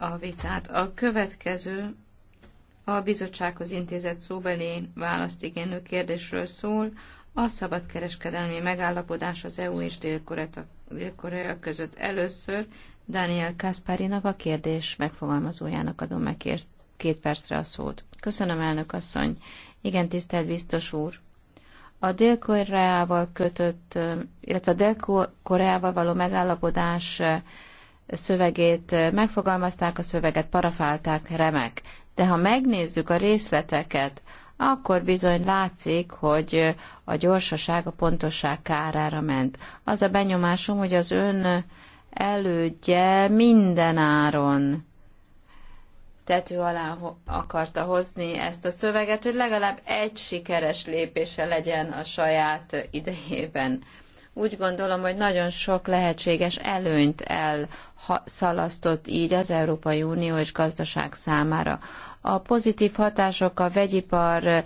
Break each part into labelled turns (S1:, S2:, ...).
S1: a vitát. A következő a bizottsághoz intézett szóbeli választigénő kérdésről szól, a szabadkereskedelmi megállapodás az EU és Dél-Korea között. Először Daniel Kasparinak a kérdés megfogalmazójának adom meg két percre a szót. Köszönöm, elnök asszony. Igen, tisztelt biztos úr. A Dél-Koreával kötött, illetve a Dél-Koreával való megállapodás szövegét eh, megfogalmazták, a szöveget parafálták, remek. De ha megnézzük a részleteket, akkor bizony látszik, hogy eh, a gyorsaság a pontosság kárára ment. Az a benyomásom, hogy az ön elődje minden áron tető alá akarta hozni ezt a szöveget, hogy legalább egy sikeres lépése legyen a saját idejében. Úgy gondolom, hogy nagyon sok lehetséges előnyt elszalasztott így az Európai Unió és gazdaság számára. A pozitív hatások a vegyipar,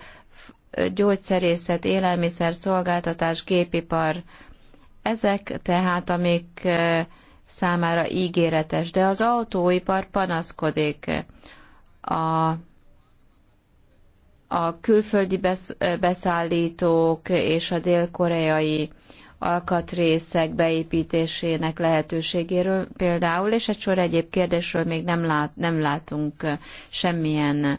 S1: gyógyszerészet, élelmiszer, szolgáltatás, gépipar, ezek tehát, amik számára ígéretes, de az autóipar panaszkodik. A, a külföldi beszállítók és a dél-koreai alkatrészek beépítésének lehetőségéről például, és egy sor egyéb kérdésről még nem, lát, nem látunk semmilyen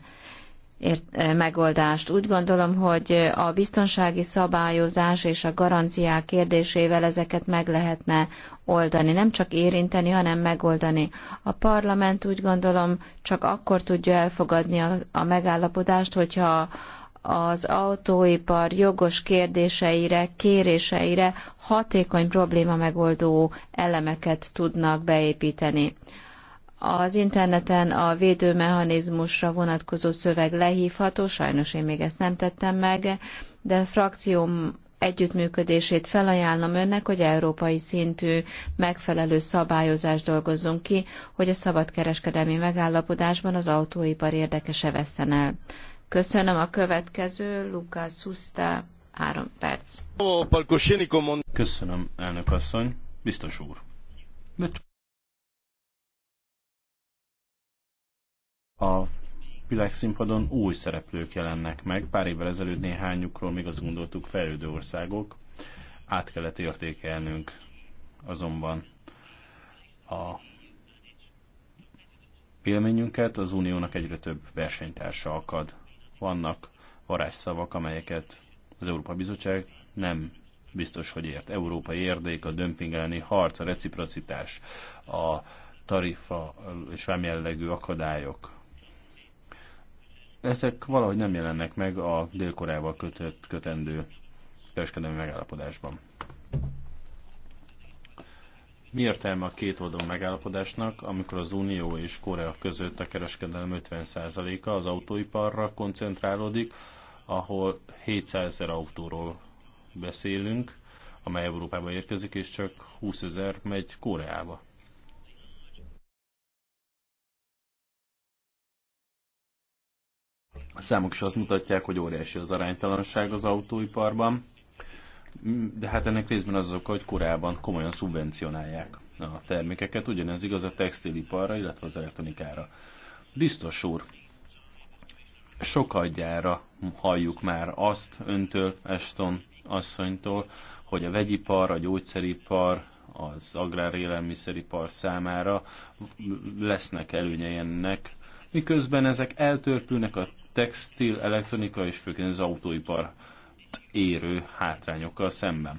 S1: ért, megoldást. Úgy gondolom, hogy a biztonsági szabályozás és a garanciák kérdésével ezeket meg lehetne oldani, nem csak érinteni, hanem megoldani. A parlament úgy gondolom csak akkor tudja elfogadni a, a megállapodást, hogyha az autóipar jogos kérdéseire, kéréseire hatékony probléma megoldó elemeket tudnak beépíteni. Az interneten a védőmechanizmusra vonatkozó szöveg lehívható, sajnos én még ezt nem tettem meg, de frakcióm együttműködését felajánlom önnek, hogy európai szintű megfelelő szabályozást dolgozzunk ki, hogy a szabadkereskedelmi megállapodásban az autóipar érdekese vesszen el. Köszönöm a következő, Lukasz Szuszta, három perc.
S2: Köszönöm, elnök asszony, biztos úr. De a világszínpadon új szereplők jelennek meg. Pár évvel ezelőtt néhányukról még azt gondoltuk fejlődő országok. Át kellett értékelnünk azonban a véleményünket, az uniónak egyre több versenytársa akad vannak varázsszavak, amelyeket az Európai Bizottság nem biztos, hogy ért. Európai érdék, a dömping elleni harc, a reciprocitás, a tarifa és vámjellegű akadályok. Ezek valahogy nem jelennek meg a dél kötött, kötendő kereskedelmi megállapodásban. Mi értelme a két oldalú megállapodásnak, amikor az Unió és Korea között a kereskedelem 50%-a az autóiparra koncentrálódik, ahol 700 ezer autóról beszélünk, amely Európába érkezik, és csak 20 ezer megy Koreába. A számok is azt mutatják, hogy óriási az aránytalanság az autóiparban. Mm, de hát ennek részben az oka, hogy korábban komolyan szubvencionálják a termékeket, ugyanez igaz a textiliparra, illetve az elektronikára. Biztos úr, sokadjára halljuk már azt öntől, Eston asszonytól, hogy a vegyipar, a gyógyszeripar, az agrárélelmiszeripar számára lesznek előnyei ennek, miközben ezek eltörpülnek a textil, elektronika és főként az autóipar érő hátrányokkal szemben.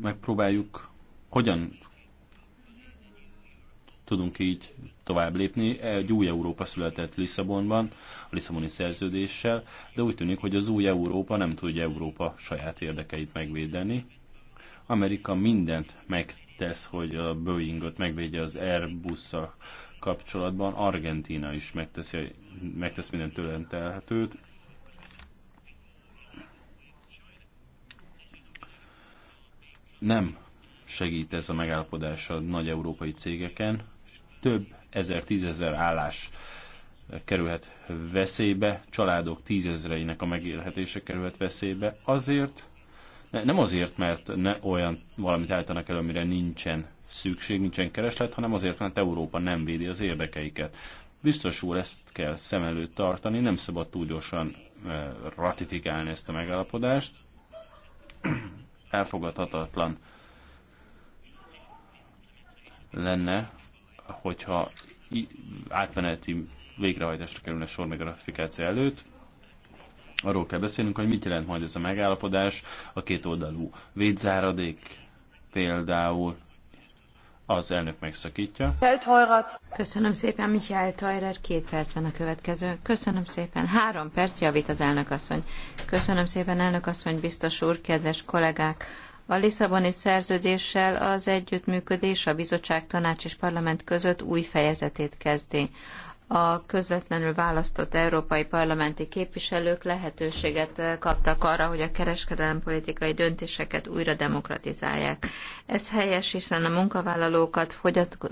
S2: Megpróbáljuk, hogyan tudunk így tovább lépni. Egy új Európa született Lisszabonban, a Lisszaboni szerződéssel, de úgy tűnik, hogy az új Európa nem tudja Európa saját érdekeit megvédeni. Amerika mindent megtesz, hogy a Boeingot megvédje az airbus kapcsolatban Argentína is megteszi, megtesz minden tőlem telhetőt. Nem segít ez a megállapodás a nagy európai cégeken. Több ezer, tízezer állás kerülhet veszélybe, családok tízezreinek a megélhetése kerülhet veszélybe, azért, nem azért, mert ne olyan valamit állítanak elő, amire nincsen szükség, nincsen kereslet, hanem azért, mert Európa nem védi az érdekeiket. Biztos úr, ezt kell szem előtt tartani, nem szabad túl gyorsan eh, ratifikálni ezt a megállapodást. Elfogadhatatlan lenne, hogyha átmeneti végrehajtásra kerülne sor még a ratifikáció előtt, arról kell beszélnünk, hogy mit jelent majd ez a megállapodás, a két oldalú védzáradék például, az elnök megszakítja.
S1: Köszönöm szépen, Michael Tajrer, két van a következő. Köszönöm szépen, három perc javít az elnök asszony. Köszönöm szépen, elnök asszony, biztos úr, kedves kollégák. A Lisszaboni szerződéssel az együttműködés a bizottság, tanács és parlament között új fejezetét kezdi a közvetlenül választott európai parlamenti képviselők lehetőséget eh, kaptak arra, hogy a kereskedelempolitikai döntéseket újra demokratizálják. Ez helyes, hiszen a munkavállalókat,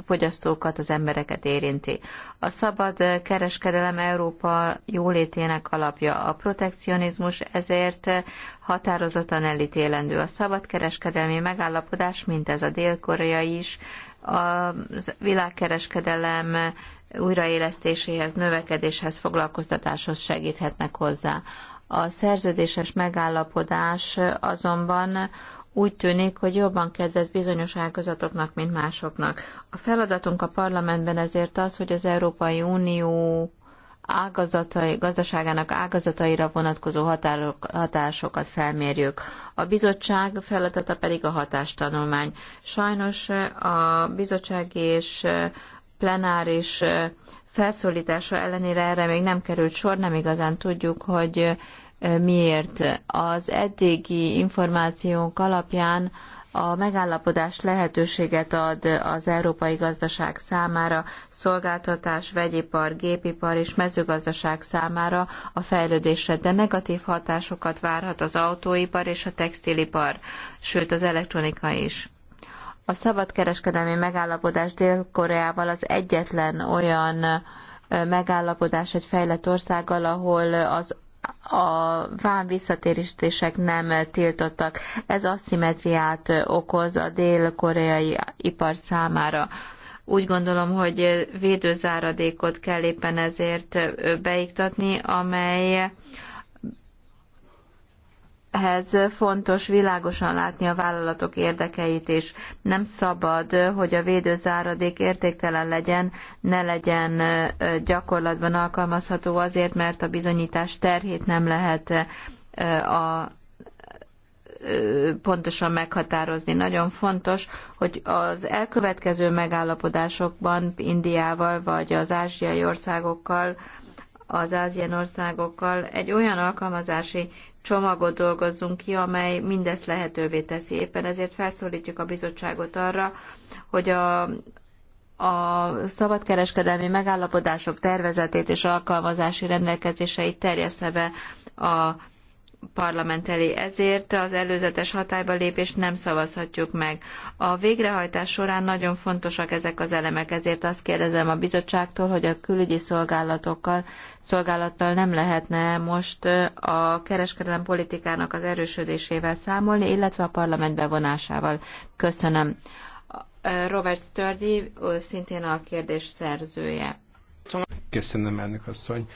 S1: fogyasztókat, az embereket érinti. A szabad eh, kereskedelem Európa jólétének alapja. A protekcionizmus ezért eh, határozottan elítélendő. A szabad kereskedelmi megállapodás, mint ez a dél-koreai is, a világkereskedelem újraélesztéséhez, növekedéshez, foglalkoztatáshoz segíthetnek hozzá. A szerződéses megállapodás azonban úgy tűnik, hogy jobban kedvez bizonyos ágazatoknak, mint másoknak. A feladatunk a parlamentben ezért az, hogy az Európai Unió ágazatai, gazdaságának ágazataira vonatkozó határok, hatásokat felmérjük. A bizottság feladata pedig a hatástanulmány. Sajnos a bizottság és plenáris felszólítása ellenére erre még nem került sor, nem igazán tudjuk, hogy miért. Az eddigi információnk alapján a megállapodás lehetőséget ad az európai gazdaság számára, szolgáltatás, vegyipar, gépipar és mezőgazdaság számára a fejlődésre, de negatív hatásokat várhat az autóipar és a textilipar, sőt az elektronika is. A szabadkereskedelmi megállapodás Dél-Koreával az egyetlen olyan megállapodás egy fejlett országgal, ahol az a vám visszatérítések nem tiltottak. Ez asszimetriát okoz a dél-koreai ipar számára. Úgy gondolom, hogy védőzáradékot kell éppen ezért beiktatni, amely ehhez fontos világosan látni a vállalatok érdekeit is. Nem szabad, hogy a védőzáradék értéktelen legyen, ne legyen gyakorlatban alkalmazható azért, mert a bizonyítás terhét nem lehet a pontosan meghatározni. Nagyon fontos, hogy az elkövetkező megállapodásokban Indiával vagy az ázsiai országokkal az ázsiai országokkal egy olyan alkalmazási csomagot dolgozzunk ki, amely mindezt lehetővé teszi. Éppen ezért felszólítjuk a bizottságot arra, hogy a, a szabadkereskedelmi megállapodások tervezetét és alkalmazási rendelkezéseit terjessze be a parlament elé. Ezért az előzetes hatályba lépést nem szavazhatjuk meg. A végrehajtás során nagyon fontosak ezek az elemek, ezért azt kérdezem a bizottságtól, hogy a külügyi szolgálatokkal, szolgálattal nem lehetne most a kereskedelem politikának az erősödésével számolni, illetve a parlament bevonásával. Köszönöm. Robert Sturdy szintén a kérdés szerzője.
S3: Köszönöm, elnök asszony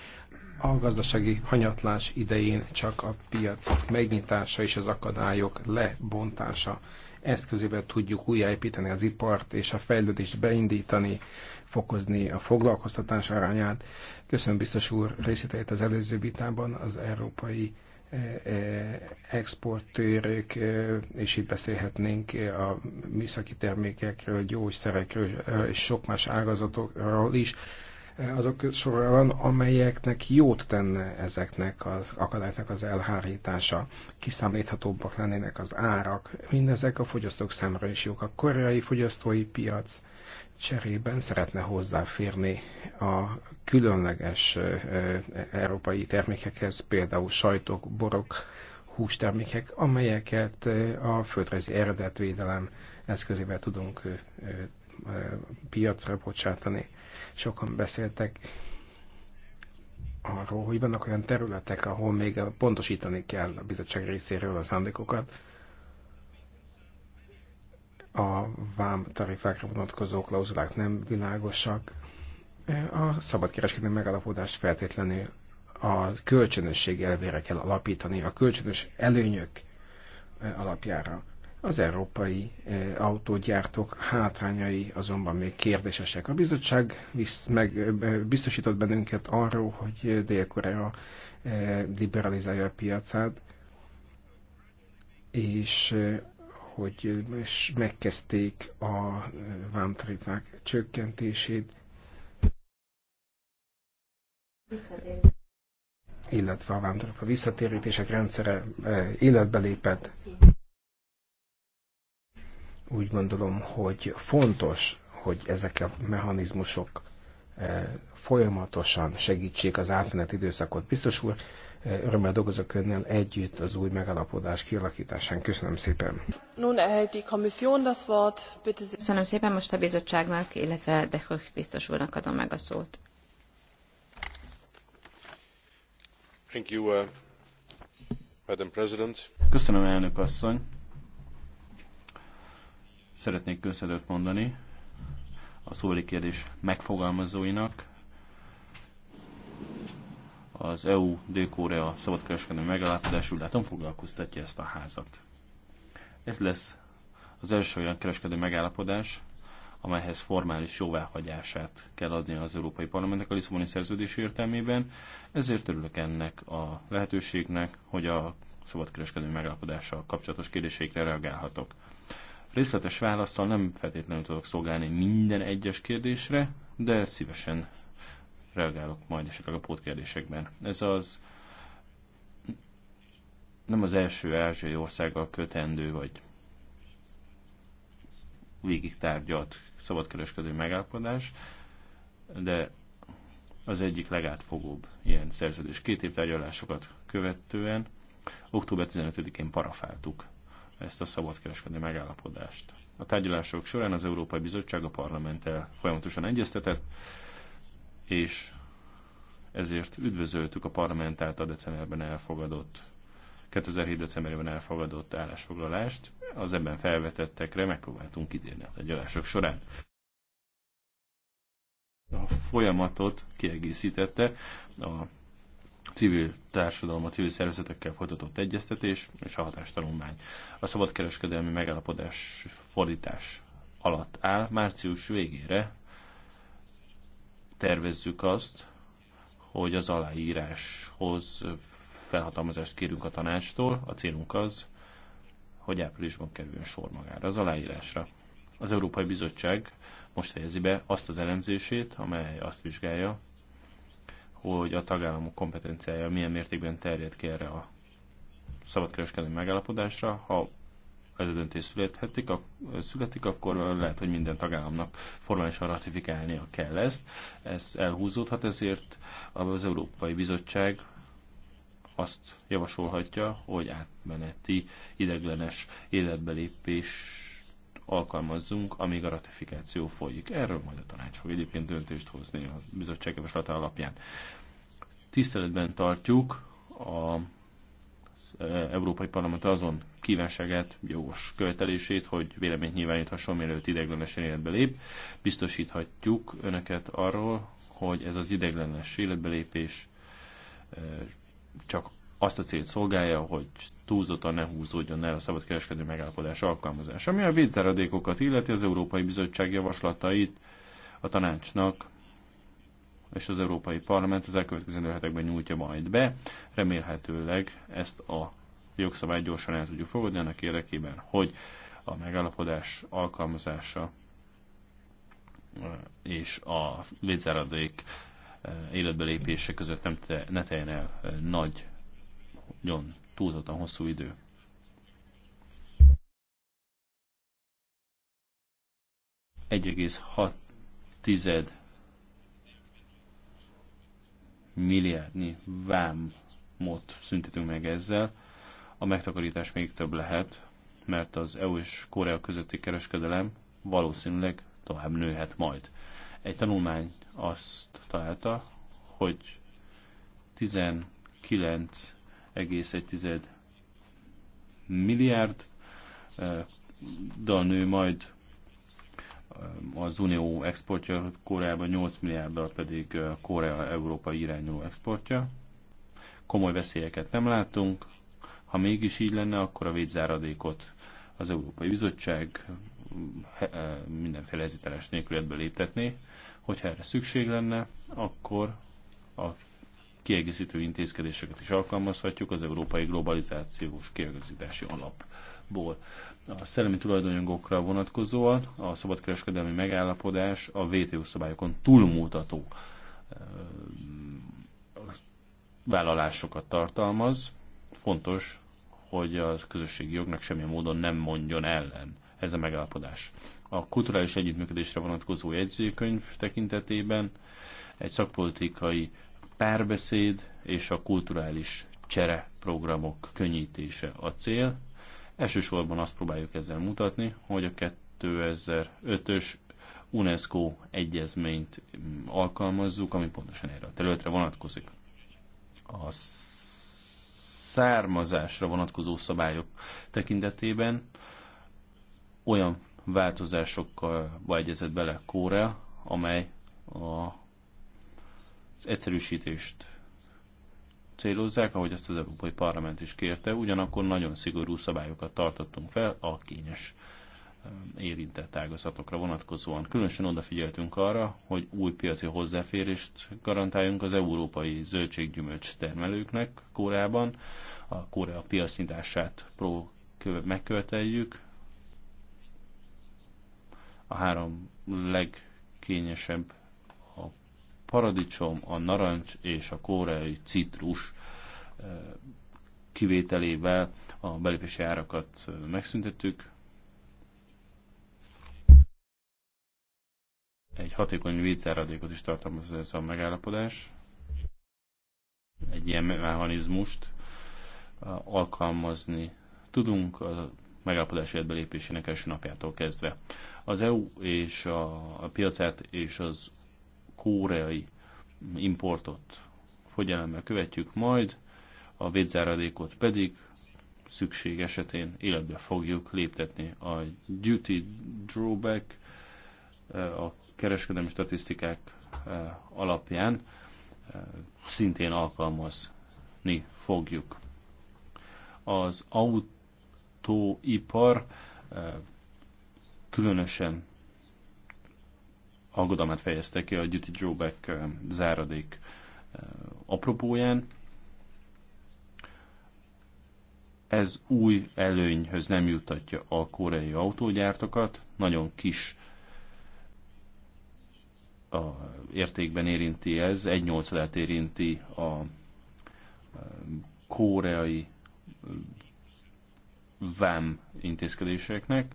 S3: a gazdasági hanyatlás idején csak a piac megnyitása és az akadályok lebontása eszközével tudjuk újjáépíteni az ipart és a fejlődést beindítani, fokozni a foglalkoztatás arányát. Köszönöm biztos úr részleteit az előző vitában az európai e, e, exportőrök, e, és itt beszélhetnénk a műszaki termékekről, gyógyszerekről és sok más ágazatokról is, azok sorában, amelyeknek jót tenne ezeknek az akadályoknak az elhárítása, kiszámíthatóbbak lennének az árak. Mindezek a fogyasztók számára is jók. A koreai fogyasztói piac cserében szeretne hozzáférni a különleges európai termékekhez, például sajtok, borok, hústermékek, amelyeket a földrajzi eredetvédelem eszközével tudunk piacra bocsátani. Sokan beszéltek arról, hogy vannak olyan területek, ahol még pontosítani kell a bizottság részéről a szándékokat. A vám tarifákra vonatkozó klauzulák nem világosak. A szabadkereskedelmi megállapodást feltétlenül a kölcsönösség elvére kell alapítani, a kölcsönös előnyök alapjára. Az európai e, autógyártók hátrányai azonban még kérdésesek. A bizottság visz, meg, e, biztosított bennünket arról, hogy Dél-Korea e, liberalizálja a piacát, és hogy megkezdték a vámtarifák csökkentését, illetve a vámtarifa visszatérítések rendszere életbe lépett úgy gondolom, hogy fontos, hogy ezek a mechanizmusok eh, folyamatosan segítsék az átmenet időszakot. Biztos úr, eh, örömmel dolgozok önnel együtt az új megalapodás kialakításán. Köszönöm szépen.
S1: Nun die Kommission das Wort. Bitte Köszönöm szépen, most a bizottságnak, illetve de biztos úrnak adom meg a szót.
S3: Thank you, uh, Madam President.
S2: Köszönöm, elnök asszony. Szeretnék köszönetet mondani a szóli kérdés megfogalmazóinak, az EU Dél-Korea szabadkereskedelmi megállapodás úgy látom foglalkoztatja ezt a házat. Ez lesz az első olyan kereskedő megállapodás, amelyhez formális jóváhagyását kell adni az Európai Parlamentnek a Lisszaboni szerződés értelmében, ezért örülök ennek a lehetőségnek, hogy a szabadkereskedő megállapodással kapcsolatos kérdéseikre reagálhatok. Részletes választal nem feltétlenül tudok szolgálni minden egyes kérdésre, de szívesen reagálok majd esetleg a pótkérdésekben. Ez az nem az első ázsiai országgal kötendő, vagy végig tárgyalt szabadkereskedő megállapodás, de az egyik legátfogóbb ilyen szerződés. Két év tárgyalásokat követően október 15-én parafáltuk ezt a szabadkereskedelmi megállapodást. A tárgyalások során az Európai Bizottság a parlamenttel folyamatosan egyeztetett, és ezért üdvözöltük a parlament által decemberben elfogadott 2007. decemberében elfogadott állásfoglalást, az ebben felvetettekre megpróbáltunk kitérni a tárgyalások során. A folyamatot kiegészítette a civil társadalom, a civil szervezetekkel folytatott egyeztetés és a hatástanulmány. A szabadkereskedelmi megállapodás fordítás alatt áll. Március végére tervezzük azt, hogy az aláíráshoz felhatalmazást kérünk a tanácstól. A célunk az, hogy áprilisban kerüljön sor magára az aláírásra. Az Európai Bizottság most fejezi be azt az elemzését, amely azt vizsgálja, hogy a tagállamok kompetenciája milyen mértékben terjed ki erre a szabadkereskedelmi megállapodásra. Ha ez a döntés születhetik, a, születik, akkor lehet, hogy minden tagállamnak formálisan ratifikálnia kell ezt. Ez elhúzódhat, ezért az Európai Bizottság azt javasolhatja, hogy átmeneti ideglenes életbelépés alkalmazzunk, amíg a ratifikáció folyik. Erről majd a tanács fog egyébként döntést hozni a bizottság javaslata alapján. Tiszteletben tartjuk a e, Európai Parlament azon kívánságát, jogos követelését, hogy véleményt nyilváníthasson, mielőtt ideiglenesen életbe lép. Biztosíthatjuk önöket arról, hogy ez az ideiglenes életbelépés e, csak azt a célt szolgálja, hogy túlzottan ne húzódjon el a szabadkereskedő megállapodás alkalmazása. Ami a védzáradékokat illeti, az Európai Bizottság javaslatait a tanácsnak és az Európai Parlament az elkövetkező hetekben nyújtja majd be. Remélhetőleg ezt a jogszabályt gyorsan el tudjuk fogadni annak érdekében, hogy a megállapodás alkalmazása és a védzáradék életbelépése között nem te, ne teljen el nagy nagyon túlzottan hosszú idő. tized milliárdnyi vámot szüntetünk meg ezzel. A megtakarítás még több lehet, mert az EU és Korea közötti kereskedelem valószínűleg tovább nőhet majd. Egy tanulmány azt találta, hogy 19 1,1 milliárd, eh, dal nő majd eh, az unió exportja Koreában 8 milliárddal pedig eh, Korea-Európa irányuló exportja. Komoly veszélyeket nem látunk. Ha mégis így lenne, akkor a védzáradékot az Európai Bizottság mindenféle ezítelés nélkül léptetné. Hogyha erre szükség lenne, akkor a kiegészítő intézkedéseket is alkalmazhatjuk az Európai Globalizációs Kiegészítési Alapból. A szellemi tulajdonjogokra vonatkozóan a szabadkereskedelmi megállapodás a WTO szabályokon túlmutató vállalásokat tartalmaz. Fontos, hogy a közösségi jognak semmilyen módon nem mondjon ellen ez a megállapodás. A kulturális együttműködésre vonatkozó jegyzőkönyv tekintetében egy szakpolitikai párbeszéd és a kulturális csere programok könnyítése a cél. Elsősorban azt próbáljuk ezzel mutatni, hogy a 2005-ös UNESCO egyezményt mm, alkalmazzuk, ami pontosan erre a területre vonatkozik. A származásra vonatkozó szabályok tekintetében olyan változásokkal egyezett bele Kórea, amely a egyszerűsítést célozzák, ahogy azt az Európai Parlament is kérte, ugyanakkor nagyon szigorú szabályokat tartottunk fel a kényes um, érintett ágazatokra vonatkozóan. Különösen odafigyeltünk arra, hogy új piaci hozzáférést garantáljunk az európai zöldséggyümölcs termelőknek Kórában, a Korea piacnyitását pró megköveteljük. A három legkényesebb paradicsom, a narancs és a koreai citrus eh, kivételével a belépési árakat eh, megszüntettük. Egy hatékony védzáradékot is tartalmaz ez a megállapodás. Egy ilyen mechanizmust eh, alkalmazni tudunk a megállapodás belépésének első napjától kezdve. Az EU és a, a piacát és az koreai importot fogyelemmel követjük majd, a védzáradékot pedig szükség esetén életbe fogjuk léptetni. A duty drawback e, a kereskedelmi statisztikák e, alapján e, szintén alkalmazni fogjuk. Az autóipar különösen aggodalmát fejezte ki a Duty Jobek záradék apropóján. Ez új előnyhöz nem jutatja a koreai autógyártokat, nagyon kis a értékben érinti ez, egy nyolcadát érinti a koreai vám intézkedéseknek,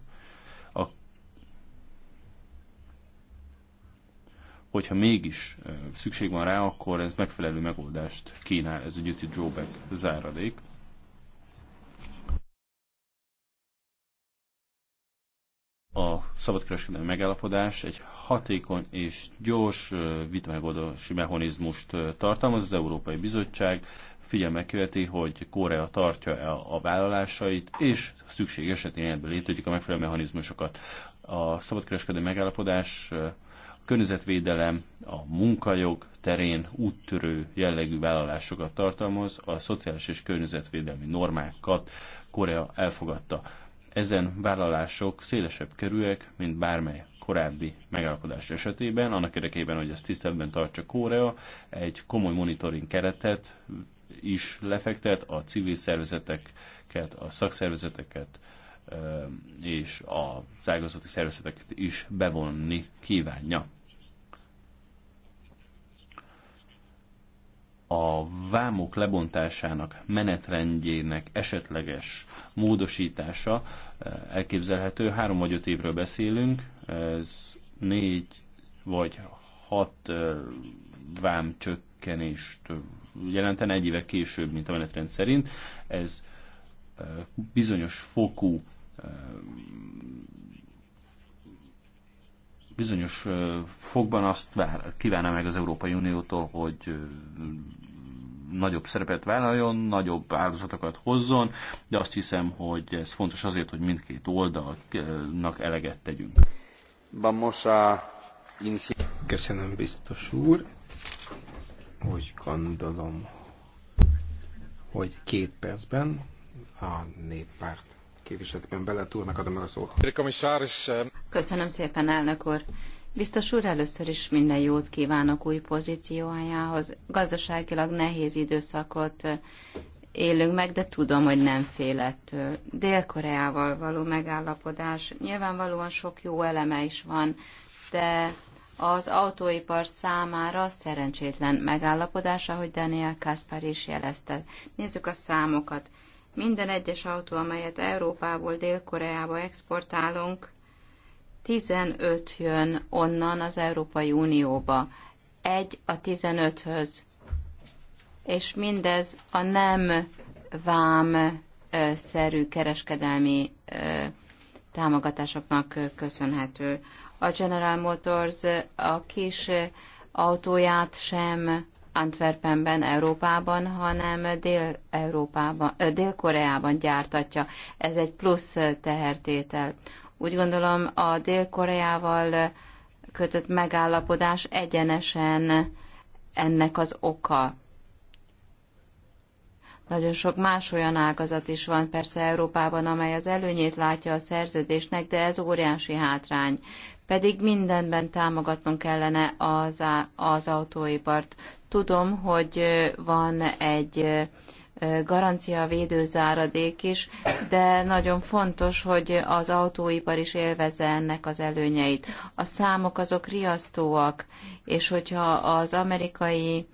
S2: hogyha mégis szükség van rá, akkor ez megfelelő megoldást kínál, ez a duty drawback záradék. A szabadkereskedelmi megállapodás egy hatékony és gyors vitamegoldási mechanizmust tartalmaz. Az Európai Bizottság figyelme követi, hogy Korea tartja-e a vállalásait, és szükség esetén ebből létezik a megfelelő mechanizmusokat. A szabadkereskedelmi megállapodás környezetvédelem, a munkajog terén úttörő jellegű vállalásokat tartalmaz, a szociális és környezetvédelmi normákat Korea elfogadta. Ezen vállalások szélesebb kerülek, mint bármely korábbi megállapodás esetében, annak érdekében, hogy ezt tiszteletben tartsa Korea, egy komoly monitoring keretet is lefektet a civil szervezeteket, a szakszervezeteket, és a ágazati szervezeteket is bevonni kívánja. a vámok lebontásának menetrendjének esetleges módosítása eh, elképzelhető. Három vagy öt évről beszélünk, ez négy vagy hat eh, vám csökkenést eh, jelenten egy éve később, mint a menetrend szerint. Ez bizonyos fokú bizonyos fogban azt vár, kívánna meg az Európai Uniótól, hogy nagyobb szerepet vállaljon, nagyobb áldozatokat hozzon, de azt hiszem, hogy ez fontos azért, hogy mindkét oldalnak eleget tegyünk. Vamos a...
S3: Köszönöm, biztos úr. Úgy gondolom, hogy két percben a néppárt képviseletben beletúrnak adom el a szót.
S1: Köszönöm szépen, elnök úr. Biztos úr, először is minden jót kívánok új pozíciójához. Gazdaságilag nehéz időszakot élünk meg, de tudom, hogy nem fél ettől. Dél-Koreával való megállapodás nyilvánvalóan sok jó eleme is van, de az autóipar számára szerencsétlen megállapodás, ahogy Daniel Kaspar is jelezte. Nézzük a számokat. Minden egyes autó, amelyet Európából Dél-Koreába exportálunk, 15 jön onnan az Európai Unióba. Egy a 15-höz. És mindez a nem vám szerű kereskedelmi támogatásoknak köszönhető. A General Motors a kis autóját sem Antwerpenben, Európában, hanem Dél-Európában, Dél-Koreában gyártatja. Ez egy plusz tehertétel. Úgy gondolom a Dél-Koreával kötött megállapodás egyenesen ennek az oka. Nagyon sok más olyan ágazat is van persze Európában, amely az előnyét látja a szerződésnek, de ez óriási hátrány. Pedig mindenben támogatnunk kellene az, az autóipart. Tudom, hogy van egy garancia védőzáradék is, de nagyon fontos, hogy az autóipar is élvezze ennek az előnyeit. A számok azok riasztóak, és hogyha az amerikai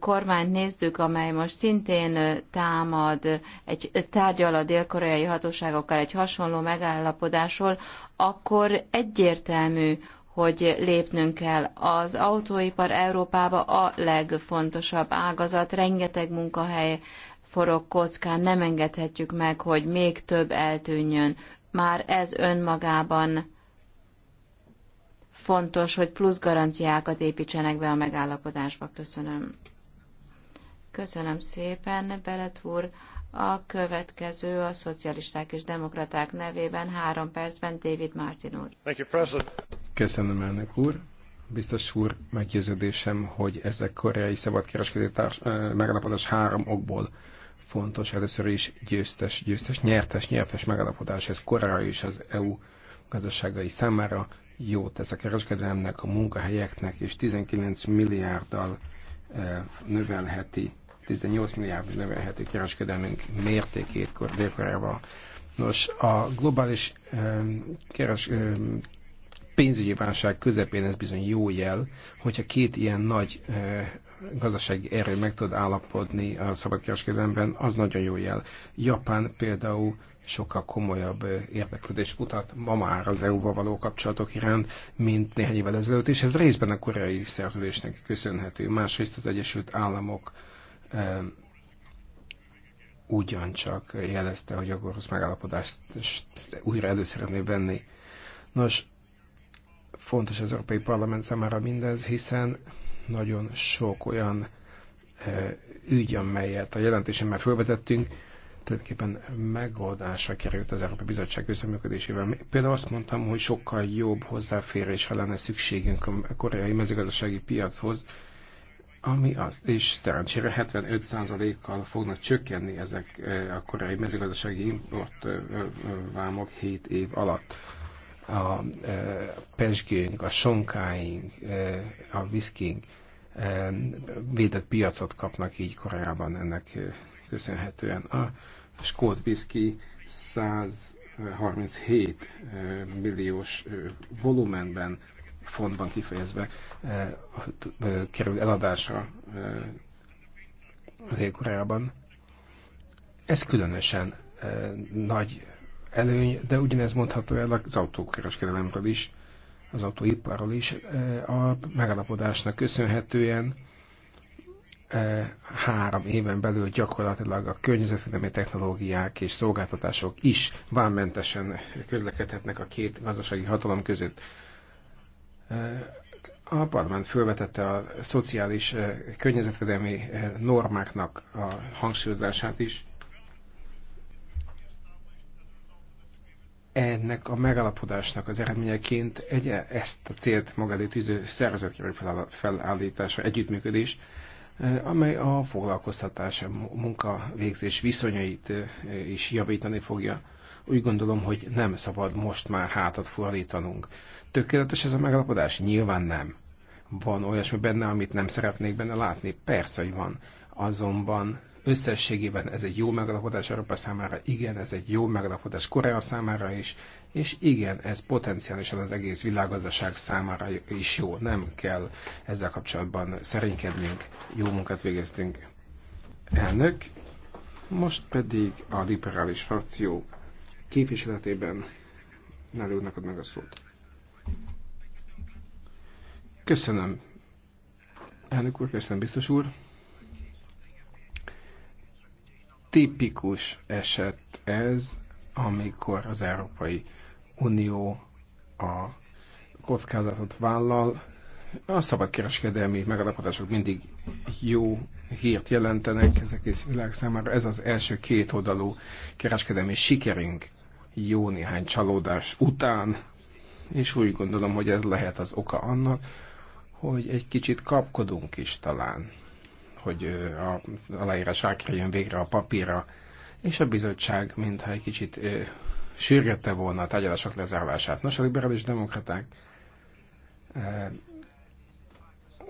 S1: kormányt nézzük, amely most szintén támad, egy tárgyal a dél-koreai hatóságokkal egy hasonló megállapodásról, akkor egyértelmű, hogy lépnünk kell. Az autóipar Európába a legfontosabb ágazat, rengeteg munkahely forog kockán, nem engedhetjük meg, hogy még több eltűnjön. Már ez önmagában fontos, hogy plusz garanciákat építsenek be a megállapodásba. Köszönöm. Köszönöm szépen, Belet úr. A következő a szocialisták és demokraták nevében három percben David Martin úr.
S2: Thank you, President.
S3: Köszönöm, elnök úr. Biztos úr, meggyőződésem, hogy ez a koreai szabadkereskedő megállapodás három okból fontos. Először is győztes, győztes, nyertes, nyertes megállapodás. Ez Korea és az EU gazdaságai számára jó tesz a kereskedelemnek, a munkahelyeknek, és 19 milliárddal növelheti, 18 milliárd növelheti kereskedelmünk mértékét dél Nos, a globális keres, pénzügyi válság közepén ez bizony jó jel, hogyha két ilyen nagy eh, gazdasági erő meg tud állapodni a szabadkereskedelemben, az nagyon jó jel. Japán például sokkal komolyabb eh, érdeklődés mutat ma már az EU-val való kapcsolatok iránt, mint néhány évvel ezelőtt, és ez részben a koreai szerződésnek köszönhető. Másrészt az Egyesült Államok e, ugyancsak jelezte, hogy a korosz megállapodást újra elő szeretné venni. Nos, Fontos az Európai Parlament számára mindez, hiszen nagyon sok olyan e, ügy, amelyet a jelentésemben felvetettünk, tulajdonképpen megoldásra került az Európai Bizottság összeműködésével. Például azt mondtam, hogy sokkal jobb hozzáférésre lenne szükségünk a koreai mezőgazdasági piachoz, ami az, és szerencsére 75%-kal fognak csökkenni ezek e, a koreai mezőgazdasági import e, vámok 7 év alatt a e, pesgőnk, a sonkáink, e, a viszkink e, védett piacot kapnak így korábban ennek köszönhetően. A skót viszki 137 milliós volumenben, fontban kifejezve kerül eladásra az korábban. Ez különösen nagy előny, de ugyanez mondható el az autókereskedelemről is, az autóiparról is. E, a megalapodásnak köszönhetően e, három éven belül gyakorlatilag a környezetvédelmi technológiák és szolgáltatások is vámmentesen közlekedhetnek a két gazdasági hatalom között. E, a parlament felvetette a szociális környezetvédelmi normáknak a hangsúlyozását is, ennek a megalapodásnak az eredményeként egy, ezt a célt előtt tűző szervezetkérő felállítása, együttműködés, eh, amely a foglalkoztatás, a munkavégzés viszonyait eh, is javítani fogja. Úgy gondolom, hogy nem szabad most már hátat fordítanunk. Tökéletes ez a megalapodás? Nyilván nem. Van olyasmi benne, amit nem szeretnék benne látni? Persze, hogy van. Azonban Összességében ez egy jó megalapodás Európa számára, igen, ez egy jó megalapodás Korea számára is, és igen, ez potenciálisan az egész világgazdaság számára is jó. Nem kell ezzel kapcsolatban szerénykednünk, jó munkát végeztünk. Elnök, most pedig a liberális frakció képviseletében ne úrnak meg a szót. Köszönöm. Elnök úr, köszönöm biztos úr. tipikus eset ez, amikor az Európai Unió a kockázatot vállal. A szabadkereskedelmi megalapodások mindig jó hírt jelentenek ezek egész világ számára. Ez az első két oldalú kereskedelmi sikerünk jó néhány csalódás után, és úgy gondolom, hogy ez lehet az oka annak, hogy egy kicsit kapkodunk is talán hogy a aláírás jön végre a papírra, és a bizottság mintha egy kicsit sürgette volna a tárgyalások lezárását. Nos, a liberális demokraták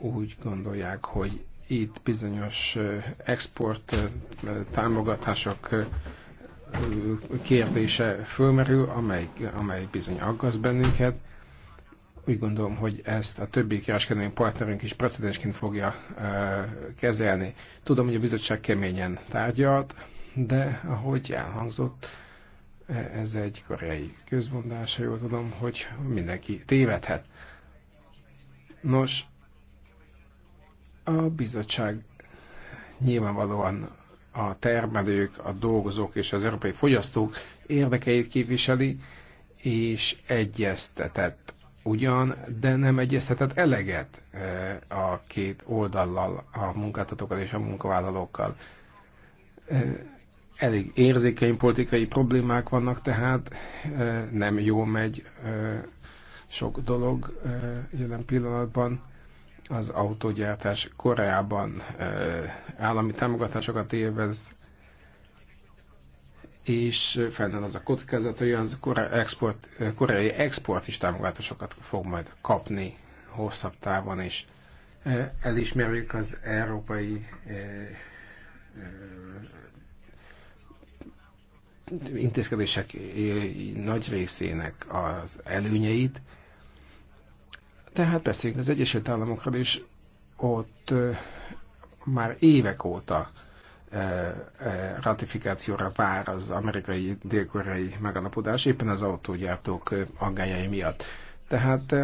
S3: úgy gondolják, hogy itt bizonyos export támogatások kérdése fölmerül, amely, amely bizony aggaszt bennünket úgy gondolom, hogy ezt a többi kereskedelmi partnerünk is precedensként fogja e, kezelni. Tudom, hogy a bizottság keményen tárgyalt, de ahogy elhangzott, e, ez egy koreai közmondás, ha jól tudom, hogy mindenki tévedhet. Nos, a bizottság nyilvánvalóan a termelők, a dolgozók és az európai fogyasztók érdekeit képviseli, és egyeztetett ugyan, de nem egyeztetett eleget e, a két oldallal, a munkáltatókkal és a munkavállalókkal. E, elég érzékeny politikai problémák vannak, tehát e, nem jó megy sok dolog jelen pillanatban. Az autógyártás Koreában állami támogatásokat élvez, és fennáll az a kockázat, hogy az export, koreai export is támogatásokat fog majd kapni hosszabb távon és e, Elismerjük az európai e, e, intézkedések nagy részének az előnyeit, tehát beszéljünk az Egyesült Államokról, és ott már évek óta ratifikációra vár az amerikai dél-koreai megalapodás, éppen az autógyártók aggájai miatt. Tehát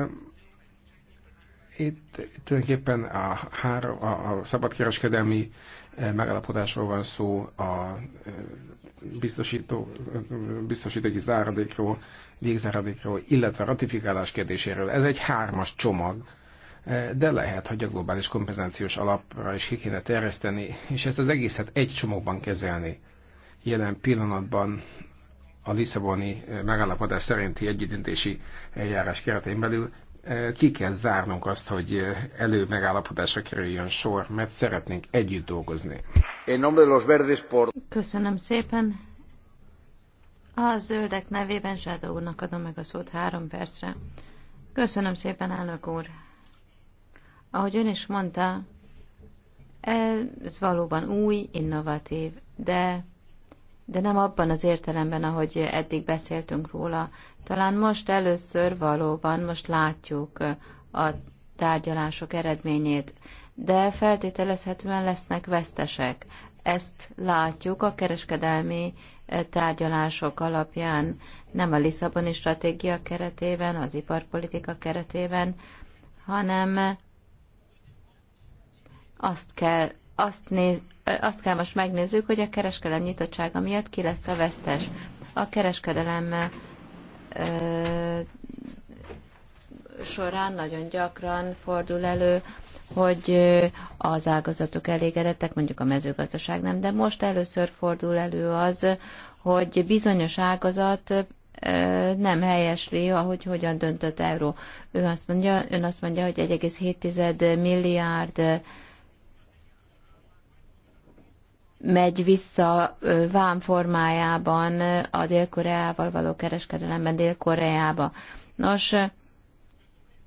S3: itt tulajdonképpen a, három, a, a szabadkereskedelmi megalapodásról van szó, a biztosító, biztosítói záradékról, végzáradékról, illetve a ratifikálás kérdéséről. Ez egy hármas csomag, Eh, de lehet, hogy a globális kompenzációs alapra is ki kéne terjeszteni, és ezt az egészet egy csomóban kezelni. Jelen pillanatban a Lisszaboni eh, megállapodás szerinti együttintési eljárás keretein belül eh, ki kell zárnunk azt, hogy elő megállapodásra kerüljön sor, mert szeretnénk együtt dolgozni.
S1: Köszönöm szépen. A zöldek nevében Zsádó úrnak adom meg a szót három percre. Köszönöm szépen, elnök úr. Ahogy ön is mondta, ez valóban új, innovatív, de, de nem abban az értelemben, ahogy eddig beszéltünk róla. Talán most először valóban, most látjuk a tárgyalások eredményét, de feltételezhetően lesznek vesztesek. Ezt látjuk a kereskedelmi e, tárgyalások alapján, nem a Lisszaboni stratégia keretében, az iparpolitika keretében, hanem azt kell, azt, néz, azt kell most megnézzük, hogy a kereskedelem nyitottsága miatt ki lesz a vesztes. A kereskedelem ö, során nagyon gyakran fordul elő, hogy az ágazatok elégedettek, mondjuk a mezőgazdaság nem, de most először fordul elő az, hogy bizonyos ágazat nem helyesli, ahogy hogyan döntött euró. Ő azt mondja, ön azt mondja, hogy 1,7 milliárd megy vissza vám formájában a Dél-Koreával való kereskedelemben Dél-Koreába. Nos,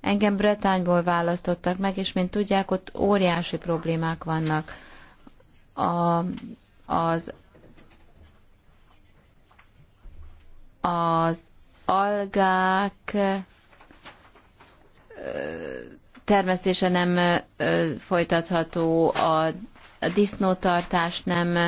S1: engem Bretányból választottak meg, és mint tudják, ott óriási problémák vannak. A, az az algák termesztése nem folytatható, a a disznótartás nem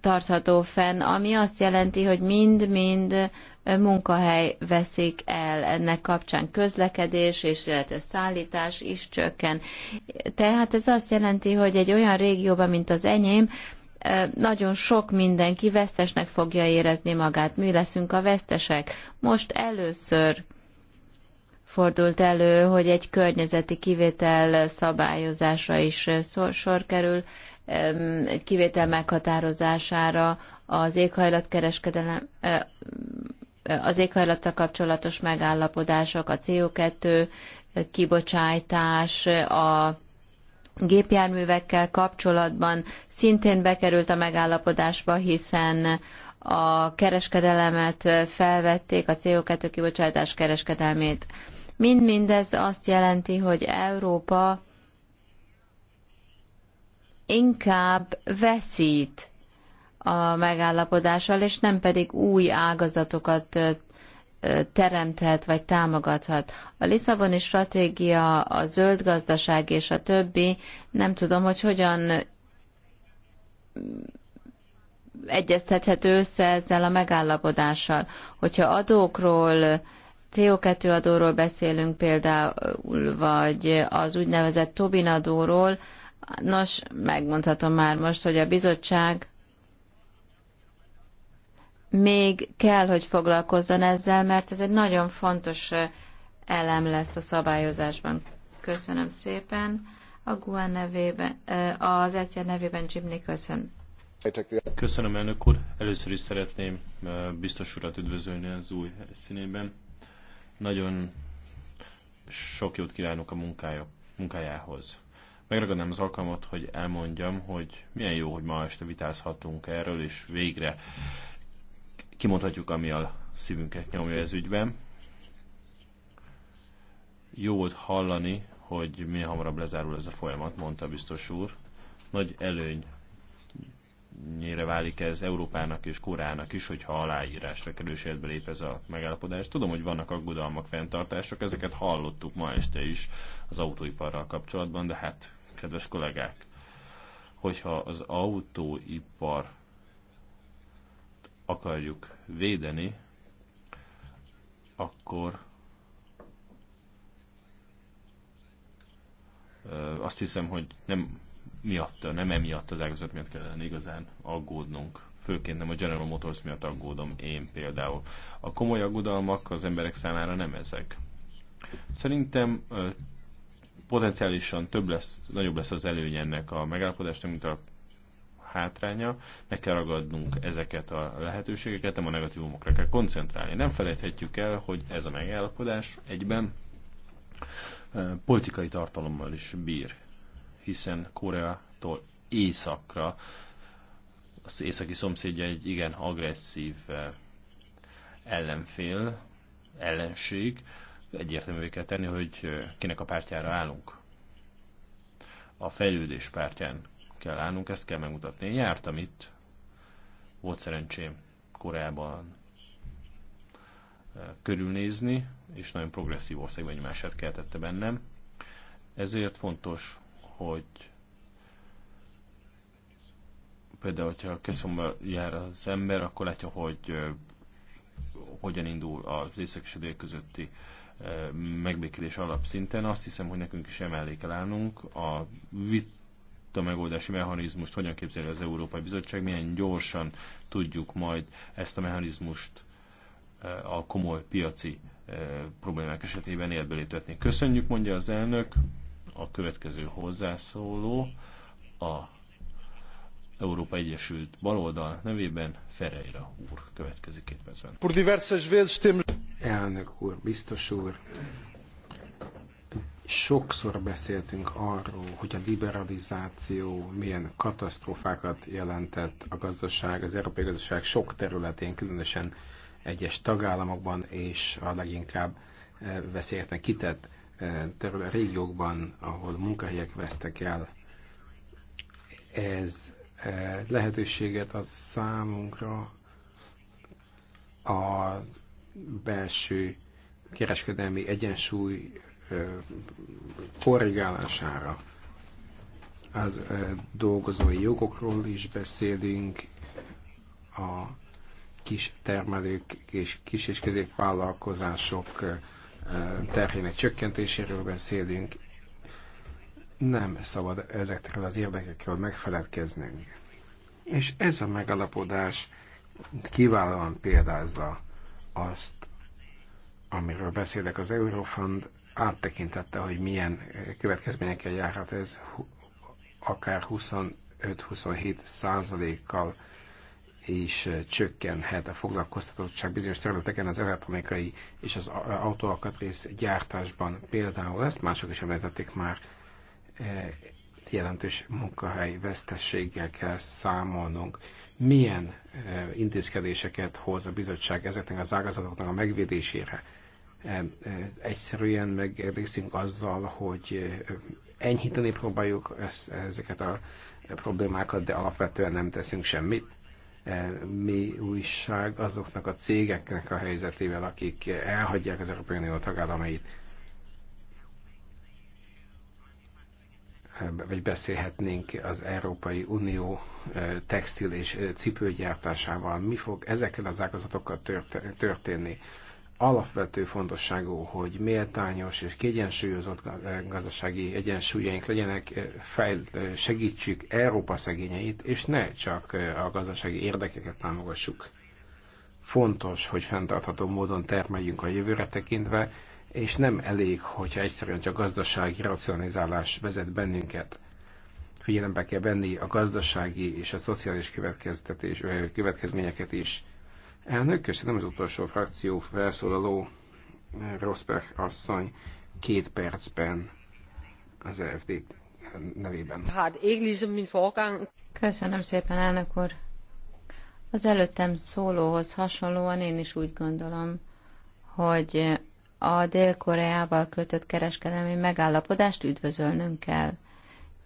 S1: tartható fenn, ami azt jelenti, hogy mind-mind munkahely veszik el. Ennek kapcsán közlekedés és illetve szállítás is csökken. Tehát ez azt jelenti, hogy egy olyan régióban, mint az enyém, nagyon sok mindenki vesztesnek fogja érezni magát. Mi leszünk a vesztesek? Most először fordult elő, hogy egy környezeti kivétel szabályozásra is sor kerül, egy kivétel meghatározására az éghajlatkereskedelem az éghajlattal kapcsolatos megállapodások, a CO2 kibocsátás, a gépjárművekkel kapcsolatban szintén bekerült a megállapodásba, hiszen a kereskedelemet felvették, a CO2 kibocsátás kereskedelmét. Mind mindez azt jelenti, hogy Európa inkább veszít a megállapodással, és nem pedig új ágazatokat teremthet vagy támogathat. A Lisszaboni stratégia, a zöld gazdaság és a többi, nem tudom, hogy hogyan egyeztethető össze ezzel a megállapodással. Hogyha adókról CO2 adóról beszélünk például, vagy az úgynevezett Tobin adóról. Nos, megmondhatom már most, hogy a bizottság még kell, hogy foglalkozzon ezzel, mert ez egy nagyon fontos elem lesz a szabályozásban. Köszönöm szépen. A Guan nevében, az ECR nevében Jimny köszön.
S2: Köszönöm, elnök úr. Először is szeretném biztos urat üdvözölni az új színében. Nagyon sok jót kívánok a munkája, munkájához. Megragadnám az alkalmat, hogy elmondjam, hogy milyen jó, hogy ma este vitázhatunk erről, és végre kimondhatjuk, ami a szívünket nyomja ez ügyben. Jó volt hallani, hogy mi hamarabb lezárul ez a folyamat, mondta biztos úr. Nagy előny nyire válik ez Európának és Koreának is, hogyha aláírásra kerül és lép ez a megállapodás. Tudom, hogy vannak aggodalmak, fenntartások, ezeket hallottuk ma este is az autóiparral kapcsolatban, de hát, kedves kollégák, hogyha az autóipar akarjuk védeni, akkor azt hiszem, hogy nem miatt, nem emiatt az ágazat miatt kellene igazán aggódnunk. Főként nem a General Motors miatt aggódom én például. A komoly aggodalmak az emberek számára nem ezek. Szerintem potenciálisan több lesz, nagyobb lesz az előny ennek a megállapodásnak, mint a hátránya, meg kell ragadnunk ezeket a lehetőségeket, nem a negatívumokra kell koncentrálni. Nem felejthetjük el, hogy ez a megállapodás egyben politikai tartalommal is bír hiszen Koreától északra az északi szomszédja egy igen agresszív eh, ellenfél, ellenség. Egyértelművé kell tenni, hogy eh, kinek a pártjára állunk. A fejlődés pártján kell állnunk, ezt kell megmutatni. Én jártam itt, volt szerencsém Koreában eh, körülnézni, és nagyon progresszív ország egymását keltette bennem. Ezért fontos, hogy például, hogyha a keszomba jár az ember, akkor látja, hogy hogyan indul az észak és a dél közötti megbékélés alapszinten. Azt hiszem, hogy nekünk is emellé kell állnunk. A vita megoldási mechanizmust hogyan képzeli az Európai Bizottság, milyen gyorsan tudjuk majd ezt a mechanizmust a komoly piaci problémák esetében életbe léptetni. Köszönjük, mondja az elnök a következő hozzászóló a Európa Egyesült Baloldal nevében Ferreira úr következik két percben. Por
S3: diversas vezes temos... Elnök úr, biztos úr, sokszor beszéltünk arról, hogy a liberalizáció milyen katasztrófákat jelentett a gazdaság, az európai gazdaság sok területén, különösen egyes tagállamokban és a leginkább eh, veszélyeknek kitett terület, régiókban, ahol munkahelyek vesztek el, ez eh, lehetőséget ad számunkra a belső kereskedelmi egyensúly eh, korrigálására. Az eh, dolgozói jogokról is beszélünk, a kis termelők és kis és középvállalkozások terhének csökkentéséről beszélünk. Nem szabad ezekről az érdekekről megfeledkeznünk. És ez a megalapodás kiválóan példázza azt, amiről beszélek, az Eurofund áttekintette, hogy milyen következményekkel járhat ez, akár 25-27 százalékkal és csökkenhet a foglalkoztatottság bizonyos területeken az elektronikai és az autóalkatrész gyártásban. Például ezt mások is említették már, jelentős munkahely vesztességgel kell számolnunk. Milyen intézkedéseket hoz a bizottság ezeknek az ágazatoknak a megvédésére? Egyszerűen megérdészünk azzal, hogy enyhíteni próbáljuk ezeket a problémákat, de alapvetően nem teszünk semmit E, mi újság azoknak a cégeknek a helyzetével, akik elhagyják az Európai Unió tagállamait. E, vagy beszélhetnénk az Európai Unió e, textil és cipőgyártásával. Mi fog ezekkel az ágazatokkal történni? alapvető fontosságú, hogy méltányos és kiegyensúlyozott eh, gazdasági egyensúlyaink legyenek, eh, fejl, eh, segítsük Európa szegényeit, és ne csak a gazdasági érdekeket támogassuk. Fontos, hogy fenntartható módon termeljünk a jövőre tekintve, és nem elég, hogyha egyszerűen csak gazdasági racionalizálás vezet bennünket. Figyelembe kell venni a gazdasági és a szociális következtetés, következményeket is Elnök, köszönöm az utolsó frakció felszólaló Rosberg asszony két percben az EFD nevében.
S1: Hát, ég mint min forgang. Köszönöm szépen, elnök úr. Az előttem szólóhoz hasonlóan én is úgy gondolom, hogy a Dél-Koreával kötött kereskedelmi megállapodást üdvözölnünk kell.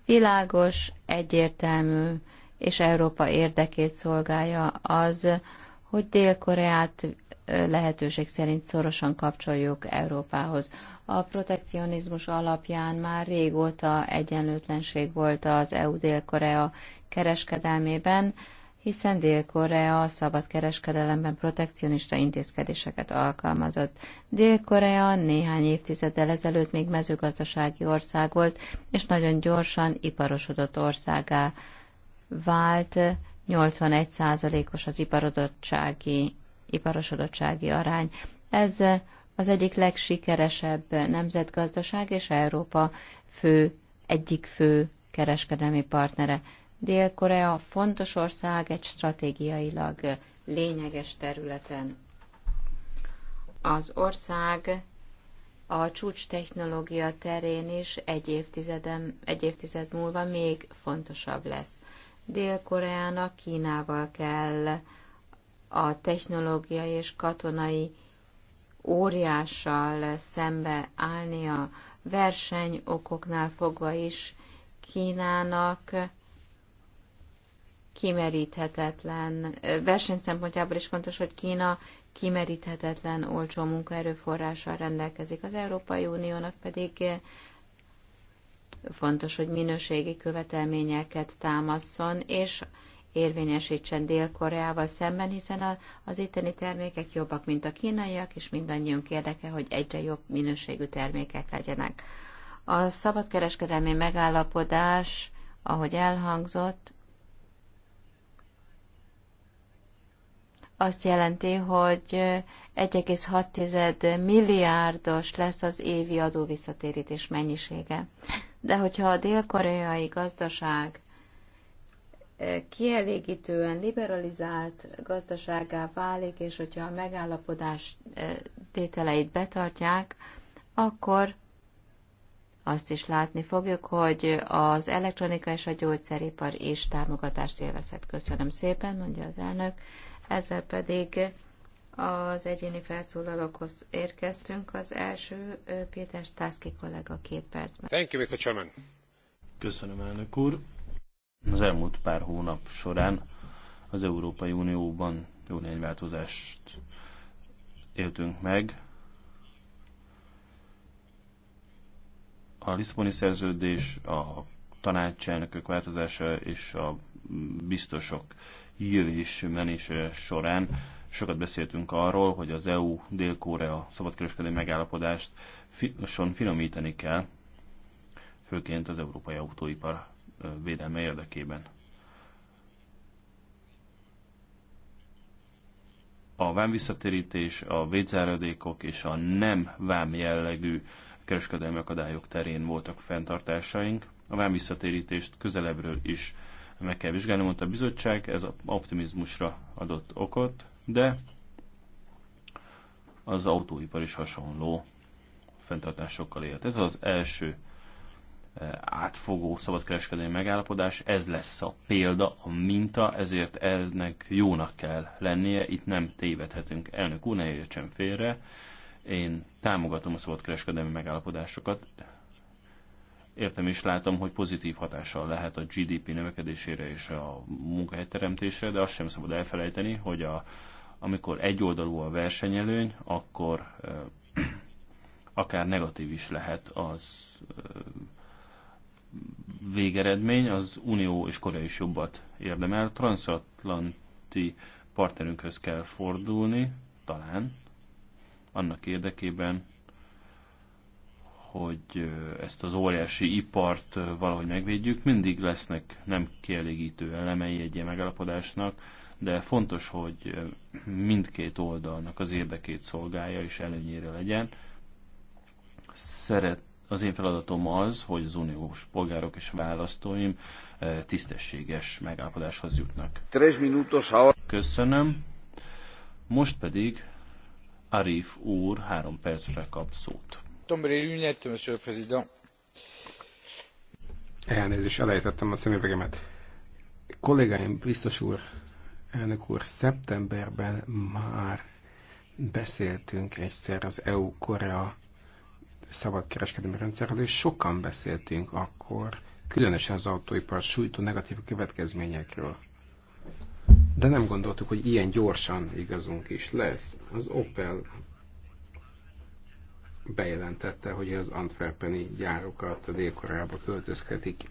S1: Világos, egyértelmű és Európa érdekét szolgálja az, hogy Dél-Koreát lehetőség szerint szorosan kapcsoljuk Európához. A protekcionizmus alapján már régóta egyenlőtlenség volt az EU-Dél-Korea kereskedelmében, hiszen Dél-Korea a szabad kereskedelemben protekcionista intézkedéseket alkalmazott. Dél-Korea néhány évtizeddel ezelőtt még mezőgazdasági ország volt, és nagyon gyorsan iparosodott országá vált, 81%-os az iparodottsági, iparosodottsági arány. Ez az egyik legsikeresebb nemzetgazdaság, és Európa fő, egyik fő kereskedelmi partnere. Dél-Korea fontos ország egy stratégiailag lényeges területen. Az ország a csúcs technológia terén is egy, évtizedem, egy évtized múlva még fontosabb lesz. Dél-Koreának Kínával kell a technológiai és katonai óriással szembe állnia, verseny okoknál fogva is Kínának kimeríthetetlen, verseny szempontjából is fontos, hogy Kína kimeríthetetlen olcsó munkaerőforrással rendelkezik. Az Európai Uniónak pedig Fontos, hogy minőségi követelményeket támaszson és érvényesítsen Dél-Koreával szemben, hiszen az itteni termékek jobbak, mint a kínaiak, és mindannyiunk érdeke, hogy egyre jobb minőségű termékek legyenek. A szabadkereskedelmi megállapodás, ahogy elhangzott, azt jelenti, hogy 1,6 milliárdos lesz az évi adóvisszatérítés mennyisége. De hogyha a dél-koreai gazdaság eh, kielégítően liberalizált gazdaságá válik, és hogyha a megállapodás eh, tételeit betartják, akkor azt is látni fogjuk, hogy az elektronika és a gyógyszeripar is támogatást élvezhet. Köszönöm szépen, mondja az elnök. Ezzel pedig az egyéni felszólalókhoz érkeztünk. Az első Péter Stászki kollega két percben.
S2: Thank you, Mr. Chairman. Köszönöm, elnök úr. Az elmúlt pár hónap során az Európai Unióban jó négy változást éltünk meg. A Lisszaboni szerződés, a tanácselnökök változása és a biztosok jövés menése során Sokat beszéltünk arról, hogy az EU-Dél-Korea szabadkereskedelmi megállapodást son finomítani kell, főként az európai autóipar védelme érdekében. A vám visszatérítés, a védzáradékok és a nem vám jellegű kereskedelmi akadályok terén voltak fenntartásaink. A vám visszatérítést közelebbről is meg kell vizsgálni, mondta a bizottság, ez optimizmusra adott okot de az autóipar is hasonló fenntartásokkal élt. Ez az első eh, átfogó szabadkereskedelmi megállapodás, ez lesz a példa, a minta, ezért ennek jónak kell lennie, itt nem tévedhetünk. Elnök úr, ne értsen félre, én támogatom a szabadkereskedelmi megállapodásokat, értem és látom, hogy pozitív hatással lehet a GDP növekedésére és a munkahelyteremtésre, de azt sem szabad elfelejteni, hogy a, amikor egyoldalú a versenyelőny, akkor akár negatív is lehet az ö, végeredmény, az Unió és Korea is jobbat érdemel. Transatlanti partnerünkhöz kell fordulni, talán, annak érdekében, hogy ezt az óriási ipart valahogy megvédjük. Mindig lesznek nem kielégítő elemei egy ilyen megállapodásnak, de fontos, hogy mindkét oldalnak az érdekét szolgálja és előnyére legyen. Szeret, az én feladatom az, hogy az uniós polgárok és választóim tisztességes megállapodáshoz jutnak. Köszönöm. Most pedig Arif úr három percre kap szót. Elnézést, elejtettem a szemüvegemet.
S3: Kollégáim, biztos úr, elnök úr, szeptemberben már beszéltünk egyszer az EU-Korea szabadkereskedelmi rendszerről, és sokan beszéltünk akkor, különösen az autóipar sújtó negatív következményekről. De nem gondoltuk, hogy ilyen gyorsan igazunk is lesz. Az Opel bejelentette, hogy az antwerpeni gyárokat a délkorába költözhetik.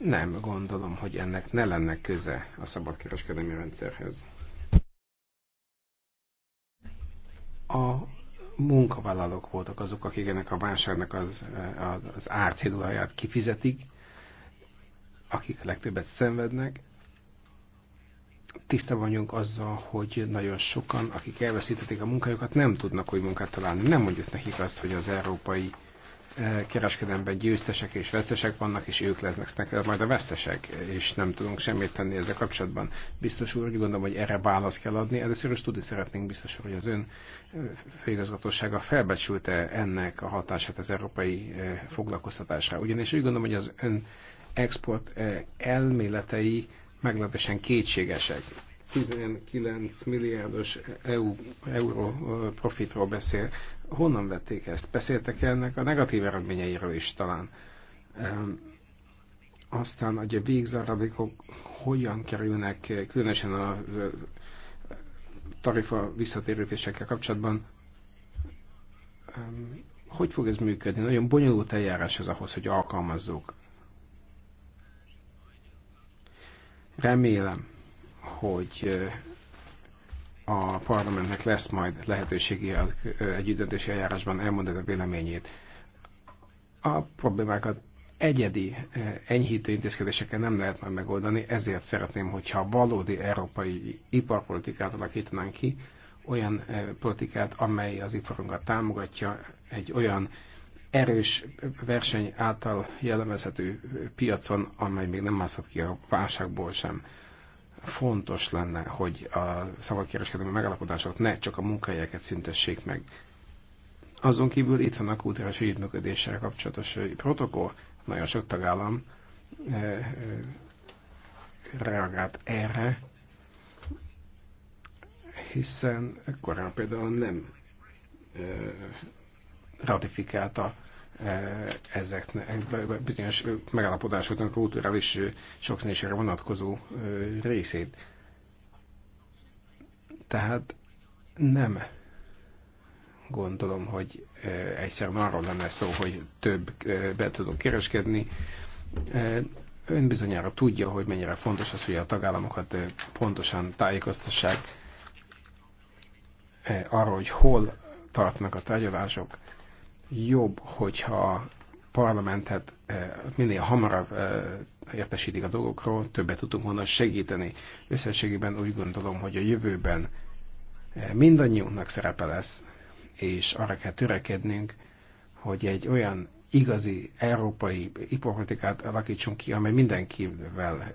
S3: Nem gondolom, hogy ennek ne lenne köze a szabadkereskedelmi rendszerhez. A munkavállalók voltak azok, akik ennek a válságnak az, az árcédulaját kifizetik, akik a legtöbbet szenvednek, tiszta vagyunk azzal, hogy nagyon sokan, akik elveszítették a munkájukat, nem tudnak új munkát találni. Nem mondjuk nekik azt, hogy az európai eh, kereskedelemben győztesek és vesztesek vannak, és ők lesznek majd a vesztesek, és nem tudunk semmit tenni ezzel kapcsolatban. Biztos úr, úgy gondolom, hogy erre választ kell adni. Először is tudni szeretnénk biztos úr, hogy az ön eh, főigazgatósága felbecsülte ennek a hatását az európai eh, foglalkoztatásra. Ugyanis úgy gondolom, hogy az ön export elméletei meglehetősen kétségesek. 19 milliárdos EU, euró profitról beszél. Honnan vették ezt? Beszéltek -e ennek a negatív eredményeiről is talán? Aztán, hogy a végzáradékok hogyan kerülnek, különösen a tarifa visszatérítésekkel kapcsolatban, hogy fog ez működni? Nagyon bonyolult eljárás ez ahhoz, hogy alkalmazzuk Remélem, hogy a parlamentnek lesz majd lehetősége együttdöntési eljárásban elmondani a véleményét. A problémákat egyedi enyhítő intézkedésekkel nem lehet majd megoldani, ezért szeretném, hogyha valódi európai iparpolitikát alakítanánk ki, olyan politikát, amely az iparunkat támogatja, egy olyan erős verseny által jellemezhető piacon, amely még nem mászhat ki a válságból sem, fontos lenne, hogy a szabadkereskedelmi megalapodások ne csak a munkahelyeket szüntessék meg. Azon kívül itt van a kultúrás együttműködéssel kapcsolatos protokoll. Nagyon sok tagállam eh, eh, reagált erre, hiszen korábban például nem eh, ratifikálta E, ezeknek, bizonyos megállapodásoknak kulturális sokszínűségre vonatkozó részét. Tehát nem gondolom, hogy egyszerűen arról lenne szó, hogy több be tudunk kereskedni. Ön bizonyára tudja, hogy mennyire fontos az, hogy a tagállamokat pontosan tájékoztassák arról, hogy hol tartnak a tárgyalások, jobb, hogyha parlamentet eh, minél hamarabb eh, értesítik a dolgokról, többet tudunk volna segíteni. Összességében úgy gondolom, hogy a jövőben eh, mindannyiunknak szerepe lesz, és arra kell törekednünk, hogy egy olyan igazi európai iparpolitikát alakítsunk ki, amely mindenkivel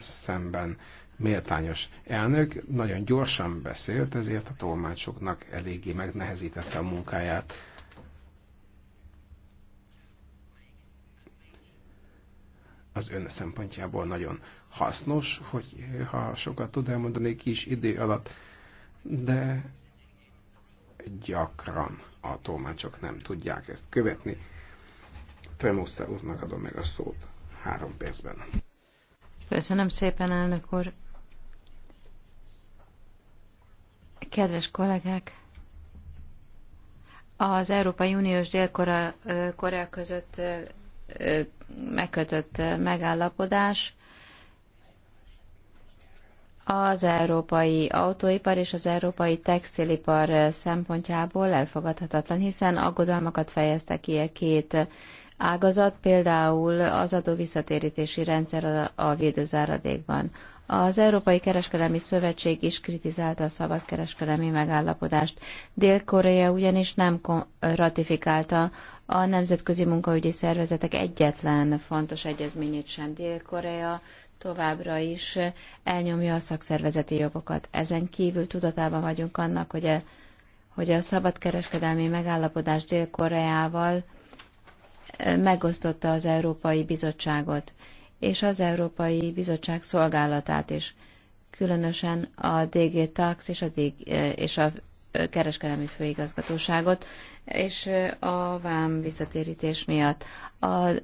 S3: szemben méltányos elnök. Nagyon gyorsan beszélt, ezért a tolmácsoknak eléggé megnehezítette a munkáját. az ön szempontjából nagyon hasznos, hogy ha sokat tud elmondani kis idő alatt, de gyakran a tolmácsok nem tudják ezt követni. Tremusza úrnak adom meg a szót három percben.
S1: Köszönöm szépen, elnök úr. Kedves kollégák! Az Európai Uniós Dél-Korea között megkötött megállapodás az európai autóipar és az európai textilipar szempontjából elfogadhatatlan, hiszen aggodalmakat fejezte ki a két ágazat, például az adóvisszatérítési rendszer a védőzáradékban. Az Európai Kereskedelmi Szövetség is kritizálta a szabadkereskedelmi megállapodást. Dél-Korea ugyanis nem ratifikálta a nemzetközi munkaügyi szervezetek egyetlen fontos egyezményét sem. Dél-Korea továbbra is elnyomja a szakszervezeti jogokat. Ezen kívül tudatában vagyunk annak, hogy a, hogy a szabadkereskedelmi megállapodás Dél-Koreával megosztotta az Európai Bizottságot és az Európai Bizottság szolgálatát is, különösen a DG Tax és a, DG, és a kereskedelmi főigazgatóságot, és a vám visszatérítés miatt. Az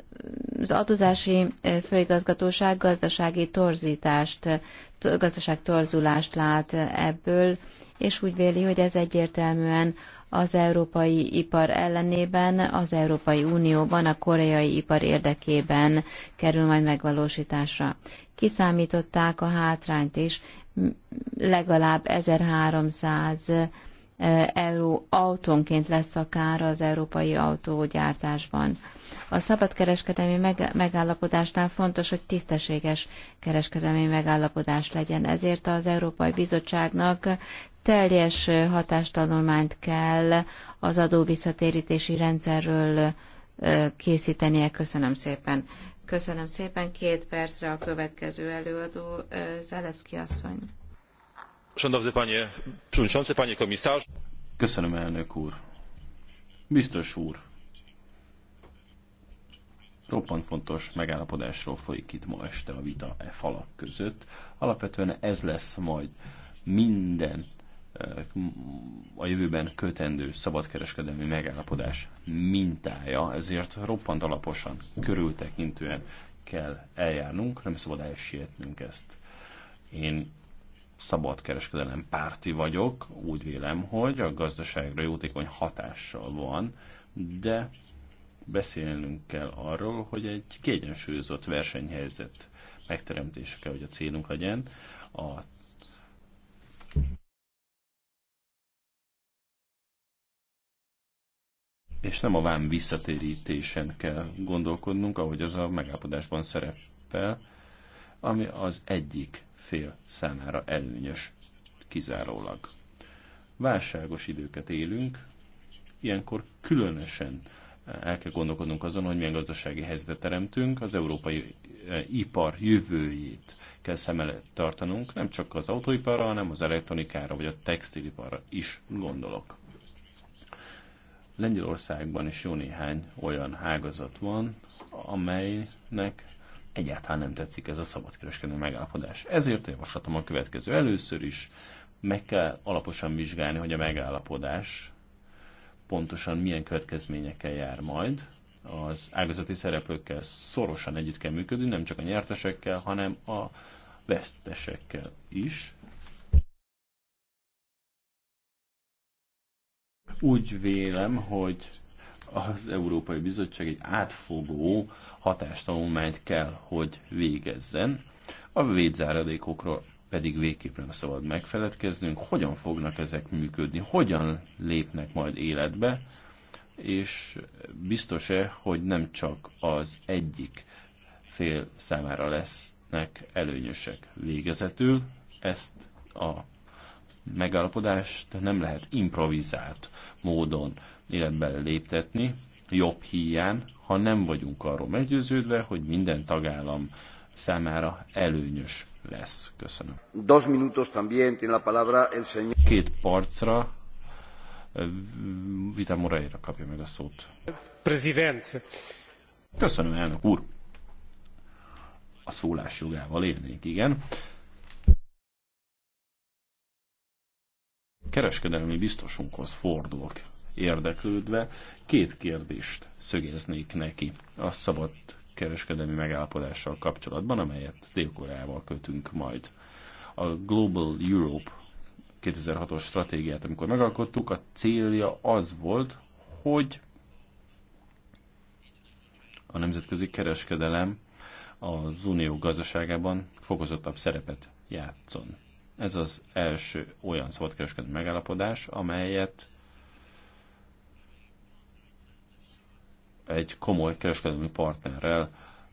S1: adózási főigazgatóság gazdasági torzítást, gazdaság torzulást lát ebből, és úgy véli, hogy ez egyértelműen az európai ipar ellenében, az Európai Unióban, a koreai ipar érdekében kerül majd megvalósításra. Kiszámították a hátrányt is, legalább 1300 euró e autónként lesz a kár az európai autógyártásban. A szabadkereskedelmi megállapodásnál fontos, hogy tisztességes kereskedelmi megállapodás legyen. Ezért az Európai Bizottságnak teljes hatástanulmányt kell az adóvisszatérítési rendszerről e, készítenie. Köszönöm szépen. Köszönöm szépen. Két percre a következő előadó, e, Zelecki asszony.
S2: Szanowny panie przewodniczący, a komisarz. Köszönöm, elnök Biztos úr. Roppant fontos megállapodásról folyik itt ma este a vita e falak között. Alapvetően ez lesz majd minden eh, a jövőben kötendő szabadkereskedelmi megállapodás mintája, ezért roppant alaposan, körültekintően kell eljárnunk, nem szabad elsietnünk ezt. Én szabadkereskedelem párti vagyok, úgy vélem, hogy a gazdaságra jótékony hatással van, de beszélnünk kell arról, hogy egy kiegyensúlyozott versenyhelyzet megteremtése kell, hogy a célunk legyen. A és nem a vám visszatérítésen kell gondolkodnunk, ahogy az a megállapodásban szerepel, ami az egyik fél számára előnyös kizárólag. Válságos időket élünk, ilyenkor különösen eh, el kell gondolkodnunk azon, hogy milyen gazdasági helyzetet teremtünk, az európai eh, ipar jövőjét kell szem előtt tartanunk, nem csak az autóiparra, hanem az elektronikára vagy a textiliparra is gondolok. Lengyelországban is jó néhány olyan hágazat van, amelynek egyáltalán nem tetszik ez a szabadkereskedelmi megállapodás. Ezért javaslatom a következő. Először is meg kell alaposan vizsgálni, hogy a megállapodás pontosan milyen következményekkel jár majd. Az ágazati szereplőkkel szorosan együtt kell működni, nem csak a nyertesekkel, hanem a vesztesekkel is. Úgy vélem, hogy az Európai Bizottság egy átfogó hatástanulmányt kell, hogy végezzen. A védzáradékokról pedig végképp nem szabad megfeledkeznünk, hogyan fognak ezek működni, hogyan lépnek majd életbe, és biztos-e, hogy nem csak az egyik fél számára lesznek előnyösek végezetül, ezt a megállapodást nem lehet improvizált módon életben léptetni, jobb híján, ha nem vagyunk arról meggyőződve, hogy minden tagállam számára előnyös lesz. Köszönöm.
S3: Dos minutos también tiene la palabra
S2: el señor. Két parcra Vita Moreira kapja meg a szót. President. Köszönöm, elnök úr. A szólás jogával élnék, igen. Kereskedelmi biztosunkhoz fordulok érdeklődve két kérdést szögeznék neki a szabad kereskedelmi megállapodással kapcsolatban, amelyet dél kötünk majd. A Global Europe 2006-os stratégiát, amikor megalkottuk, a célja az volt, hogy a nemzetközi kereskedelem az unió gazdaságában fokozottabb szerepet játszon. Ez az első olyan szabadkereskedelmi megállapodás, amelyet egy komoly kereskedelmi partnerrel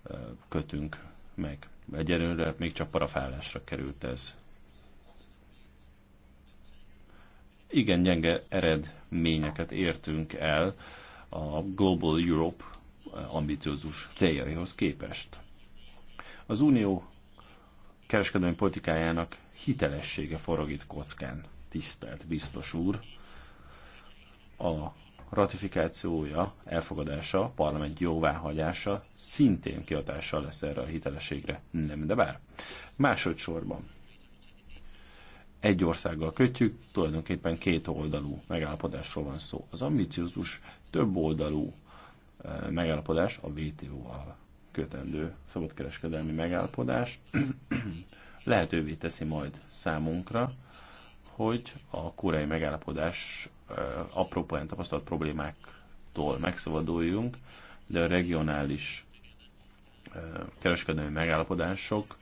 S2: eh, kötünk meg. Egyelőre még csak parafálásra került ez. Igen gyenge eredményeket értünk el a Global Europe eh, ambiciózus céljaihoz képest. Az Unió kereskedelmi politikájának hitelessége forog itt kockán, tisztelt biztos úr. A ratifikációja, elfogadása, parlament jóváhagyása szintén kiadással lesz erre a hitelességre. Nem, de bár. Másodszorban egy országgal kötjük, tulajdonképpen két oldalú megállapodásról van szó. Az ambiciózus több oldalú eh, megállapodás, a WTO-val kötendő szabadkereskedelmi megállapodás lehetővé teszi majd számunkra, hogy a koreai megállapodás Eh, olyan tapasztalt problémáktól megszabaduljunk, de a regionális eh, kereskedelmi megállapodások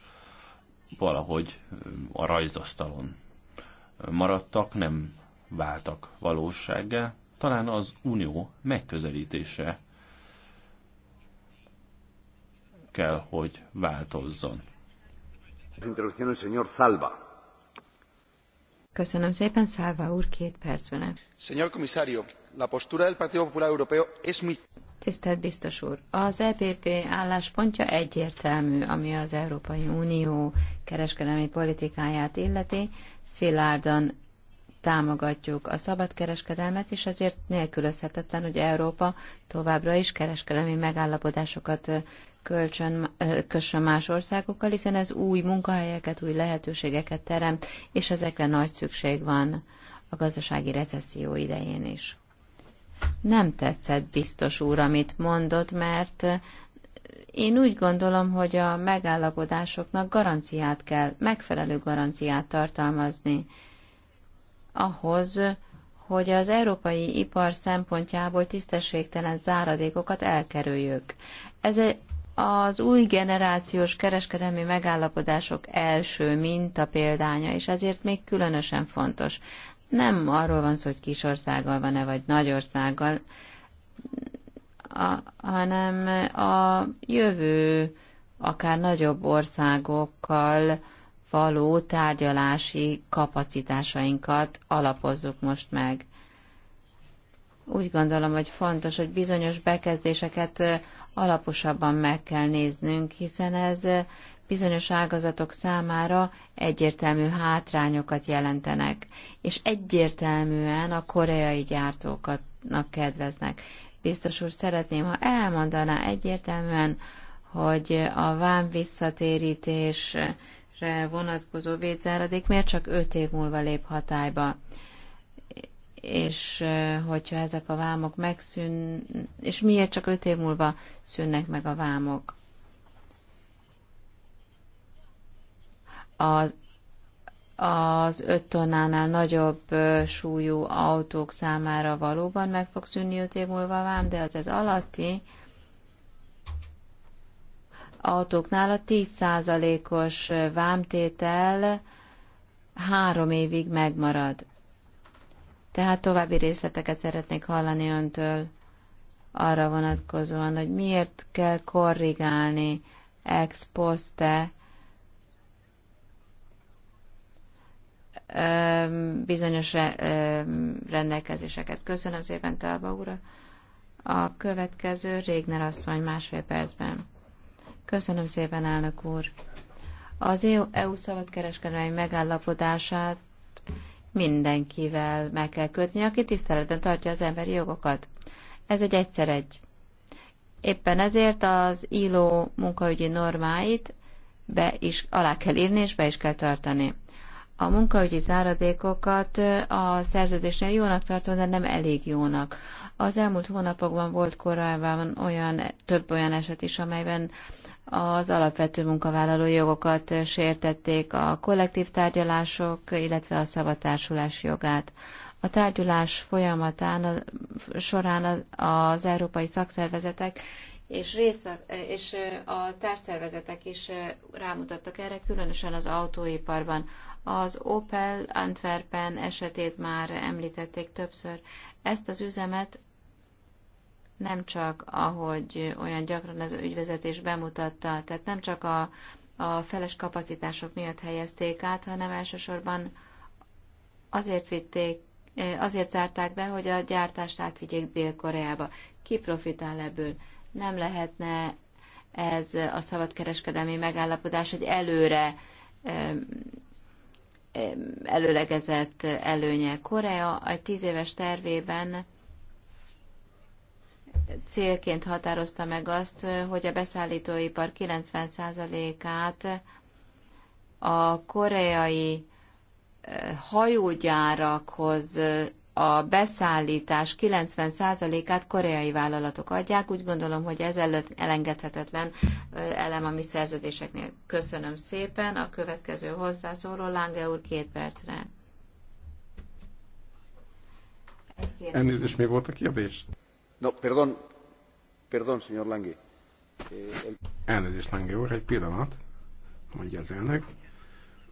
S2: valahogy eh, a rajzasztalon maradtak, nem váltak valósággá. Talán az unió megközelítése kell, hogy változzon.
S3: Interrupción el señor Salva.
S1: Köszönöm szépen, Szálva úr, két percben. Señor comisario, la postura del Partido Popular Europeo es mi... Tisztelt biztos úr, az EPP álláspontja egyértelmű, ami az Európai Unió kereskedelmi politikáját illeti, szilárdan támogatjuk a szabadkereskedelmet, és ezért nélkülözhetetlen, hogy Európa továbbra is kereskedelmi megállapodásokat kölcsön, kössön más országokkal, hiszen ez új munkahelyeket, új lehetőségeket teremt, és ezekre nagy szükség van a gazdasági recesszió idején is. Nem tetszett biztos úr, amit mondott, mert én úgy gondolom, hogy a megállapodásoknak garanciát kell, megfelelő garanciát tartalmazni ahhoz, hogy az európai ipar szempontjából tisztességtelen záradékokat elkerüljük. Ez az új generációs kereskedelmi megállapodások első minta példánya, és ezért még különösen fontos. Nem arról van szó, hogy kis országgal van-e, vagy nagy országgal, a, hanem a jövő akár nagyobb országokkal való tárgyalási kapacitásainkat alapozzuk most meg. Úgy gondolom, hogy fontos, hogy bizonyos bekezdéseket alaposabban meg kell néznünk, hiszen ez bizonyos ágazatok számára egyértelmű hátrányokat jelentenek, és egyértelműen a koreai gyártókatnak kedveznek. Biztos úr, szeretném, ha elmondaná egyértelműen, hogy a vám visszatérítésre vonatkozó védzáradék miért csak 5 év múlva lép hatályba és hogyha ezek a vámok megszűn, és miért csak öt év múlva szűnnek meg a vámok. Az, az öt tonnánál nagyobb súlyú autók számára valóban meg fog szűnni öt év múlva a vám, de az ez alatti autóknál a 10%-os vámtétel három évig megmarad. Tehát további részleteket szeretnék hallani öntől arra vonatkozóan, hogy miért kell korrigálni ex poste bizonyos rendelkezéseket. Köszönöm szépen, Talba úr. A következő Régner asszony másfél percben. Köszönöm szépen, elnök úr. Az EU e szabadkereskedelmi megállapodását mindenkivel meg kell kötni, aki tiszteletben tartja az emberi jogokat. Ez egy egyszer egy. Éppen ezért az ILO munkaügyi normáit be is alá kell írni, és be is kell tartani. A munkaügyi záradékokat a szerződésnél jónak tartom, de nem elég jónak. Az elmúlt hónapokban volt korábban olyan, több olyan eset is, amelyben az alapvető munkavállalói jogokat sértették, a kollektív tárgyalások, illetve a szabadtársulás jogát. A tárgyulás folyamatán a, során az, az európai szakszervezetek és, rész, és a társszervezetek is rámutattak erre, különösen az autóiparban. Az Opel Antwerpen esetét már említették többször. Ezt az üzemet nem csak, ahogy olyan gyakran az ügyvezetés bemutatta, tehát nem csak a, a feles kapacitások miatt helyezték át, hanem elsősorban azért vitték, azért zárták be, hogy a gyártást átvigyék Dél-Koreába. Ki profitál ebből? Nem lehetne ez a szabadkereskedelmi megállapodás egy előre előlegezett előnye. Korea egy tíz éves tervében célként határozta meg azt, hogy a beszállítóipar 90%-át a koreai hajógyárakhoz a beszállítás 90%-át koreai vállalatok adják. Úgy gondolom, hogy ez elengedhetetlen elem a mi szerződéseknél. Köszönöm szépen. A következő hozzászóló Lange úr két percre. Elnézést,
S3: még volt a kérdés? Eh, Elnézést, Lange úr, egy pillanat, mondja az elnök.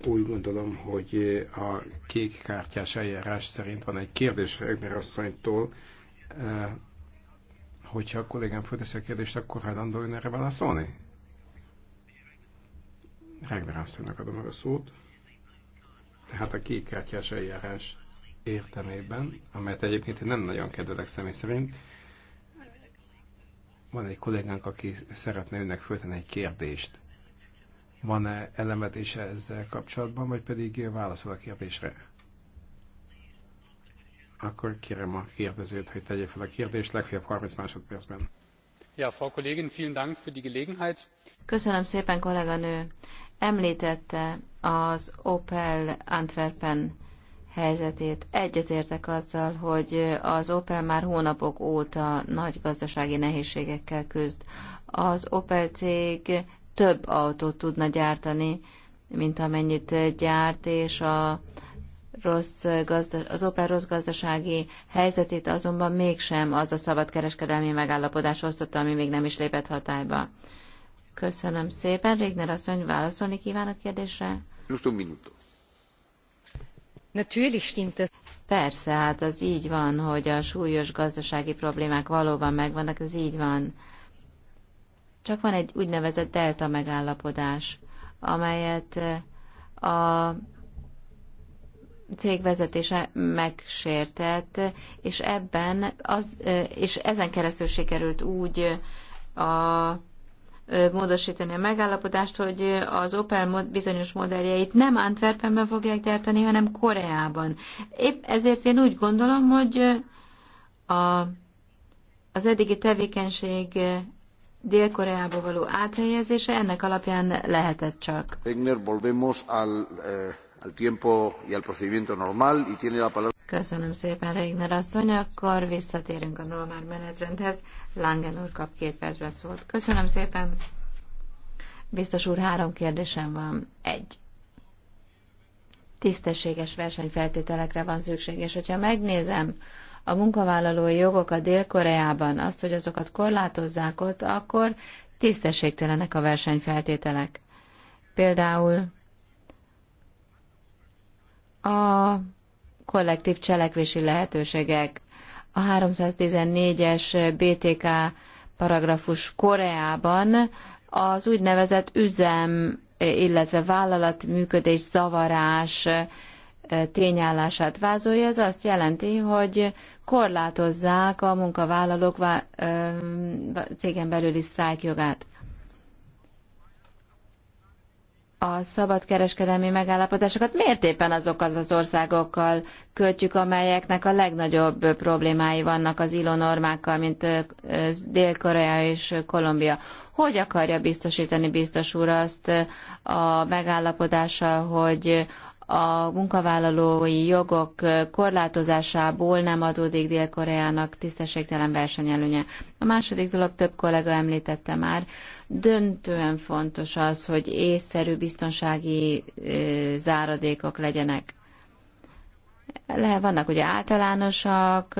S3: Úgy gondolom, hogy eh, a kék kártyás eljárás szerint van egy kérdés Ögmér asszonytól. Eh, hogyha a kollégám fölteszi a kérdést, akkor hajlandó ön erre válaszolni? Regner asszonynak adom meg a szót. Tehát a kék kártyás eljárás értelmében, amelyet egyébként én nem nagyon kedvelek személy szerint, van egy kollégánk, aki szeretne önnek föltenni egy kérdést. Van-e elemetése ezzel kapcsolatban, vagy pedig válaszol a kérdésre? Akkor kérem a kérdezőt, hogy tegye fel a kérdést legfeljebb 30 másodpercben. Ja, Frau Kollegin, vielen Dank für die Gelegenheit.
S1: Köszönöm szépen, kolléganő. Említette az Opel Antwerpen helyzetét. Egyetértek azzal, hogy az Opel már hónapok óta nagy gazdasági nehézségekkel küzd. Az Opel cég több autót tudna gyártani, mint amennyit gyárt, és a rossz gazda, az Opel rossz gazdasági helyzetét azonban mégsem az a szabadkereskedelmi megállapodás osztotta, ami még nem is lépett hatályba. Köszönöm szépen. Régner asszony, válaszolni kíván a kérdésre?
S3: Just un minuto.
S1: Persze, hát az így van, hogy a súlyos gazdasági problémák valóban megvannak, ez így van. Csak van egy úgynevezett delta megállapodás, amelyet eh, a cég vezetése megsértett, és ebben az, eh, és ezen keresztül sikerült úgy eh, a módosítani a megállapodást, hogy az Opel bizonyos modelljeit nem Antwerpenben fogják gyártani, hanem Koreában. Épp ezért én úgy gondolom, hogy a, az eddigi tevékenység Dél-Koreába való áthelyezése ennek alapján lehetett csak.
S3: Regner, volvemos al, eh, al tiempo y al procedimiento normal y tiene la palabra.
S1: Köszönöm szépen, Reigner asszony. Akkor visszatérünk a normál menetrendhez. Langen úr kap két percben szólt. Köszönöm szépen. Biztos úr, három kérdésem van. Egy. Tisztességes versenyfeltételekre van szükség, és hogyha megnézem a munkavállalói jogok a Dél-Koreában, azt, hogy azokat korlátozzák ott, akkor tisztességtelenek a versenyfeltételek. Például a kollektív cselekvési lehetőségek. A 314-es BTK paragrafus Koreában az úgynevezett üzem, illetve vállalat működés zavarás tényállását vázolja. Ez azt jelenti, hogy korlátozzák a munkavállalók cégen belüli sztrájkjogát a szabadkereskedelmi megállapodásokat miért éppen azokat az országokkal kötjük, amelyeknek a legnagyobb problémái vannak az ILO normákkal, mint Dél-Korea és Kolumbia. Hogy akarja biztosítani biztos úr azt a megállapodással, hogy a munkavállalói jogok korlátozásából nem adódik Dél-Koreának tisztességtelen versenyelőnye. A második dolog több kollega említette már, Döntően fontos az, hogy észszerű biztonsági záradékok legyenek. Le, vannak ugye általánosak,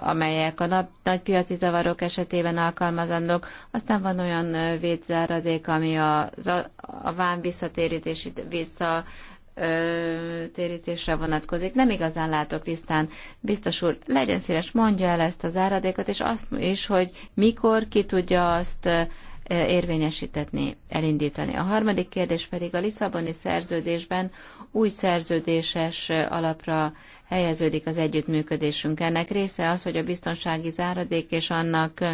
S1: amelyek a nap, nagy piaci zavarok esetében alkalmazandók, aztán van olyan védzáradék, ami a, a, a vám visszatérítési vissza térítésre vonatkozik. Nem igazán látok tisztán. Biztos úr, legyen szíves, mondja el ezt az áradékot, és azt is, hogy mikor ki tudja azt érvényesítetni, elindítani. A harmadik kérdés pedig a Lisszaboni szerződésben új szerződéses alapra helyeződik az együttműködésünk. Ennek része az, hogy a biztonsági záradék és annak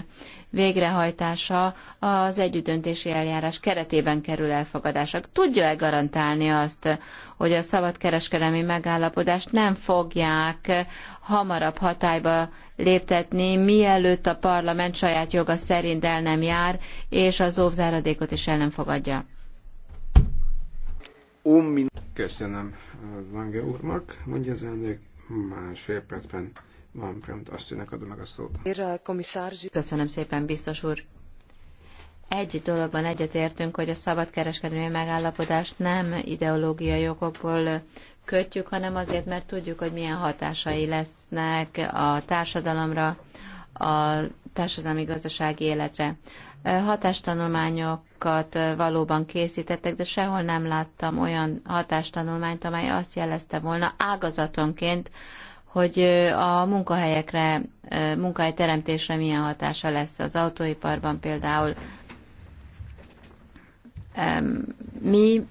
S1: végrehajtása az együttdöntési eljárás keretében kerül elfogadásra. Tudja-e garantálni azt, hogy a szabadkereskedelmi megállapodást nem fogják hamarabb hatályba léptetni, mielőtt a parlament saját joga szerint el nem jár, és az óvzáradékot is el nem fogadja.
S3: Köszönöm Vange úrnak, mondja az elnök, másfél percben van azt jönnek adom meg a szót.
S1: Köszönöm szépen, biztos úr. Egy dologban egyetértünk, hogy a szabadkereskedelmi megállapodást nem ideológiai okokból kötjük, hanem azért, mert tudjuk, hogy milyen hatásai lesznek a társadalomra, a társadalmi gazdasági életre. Hatástanulmányokat valóban készítettek, de sehol nem láttam olyan hatástanulmányt, amely azt jelezte volna ágazatonként, hogy a munkahelyekre, teremtésre milyen hatása lesz az autóiparban például. Mi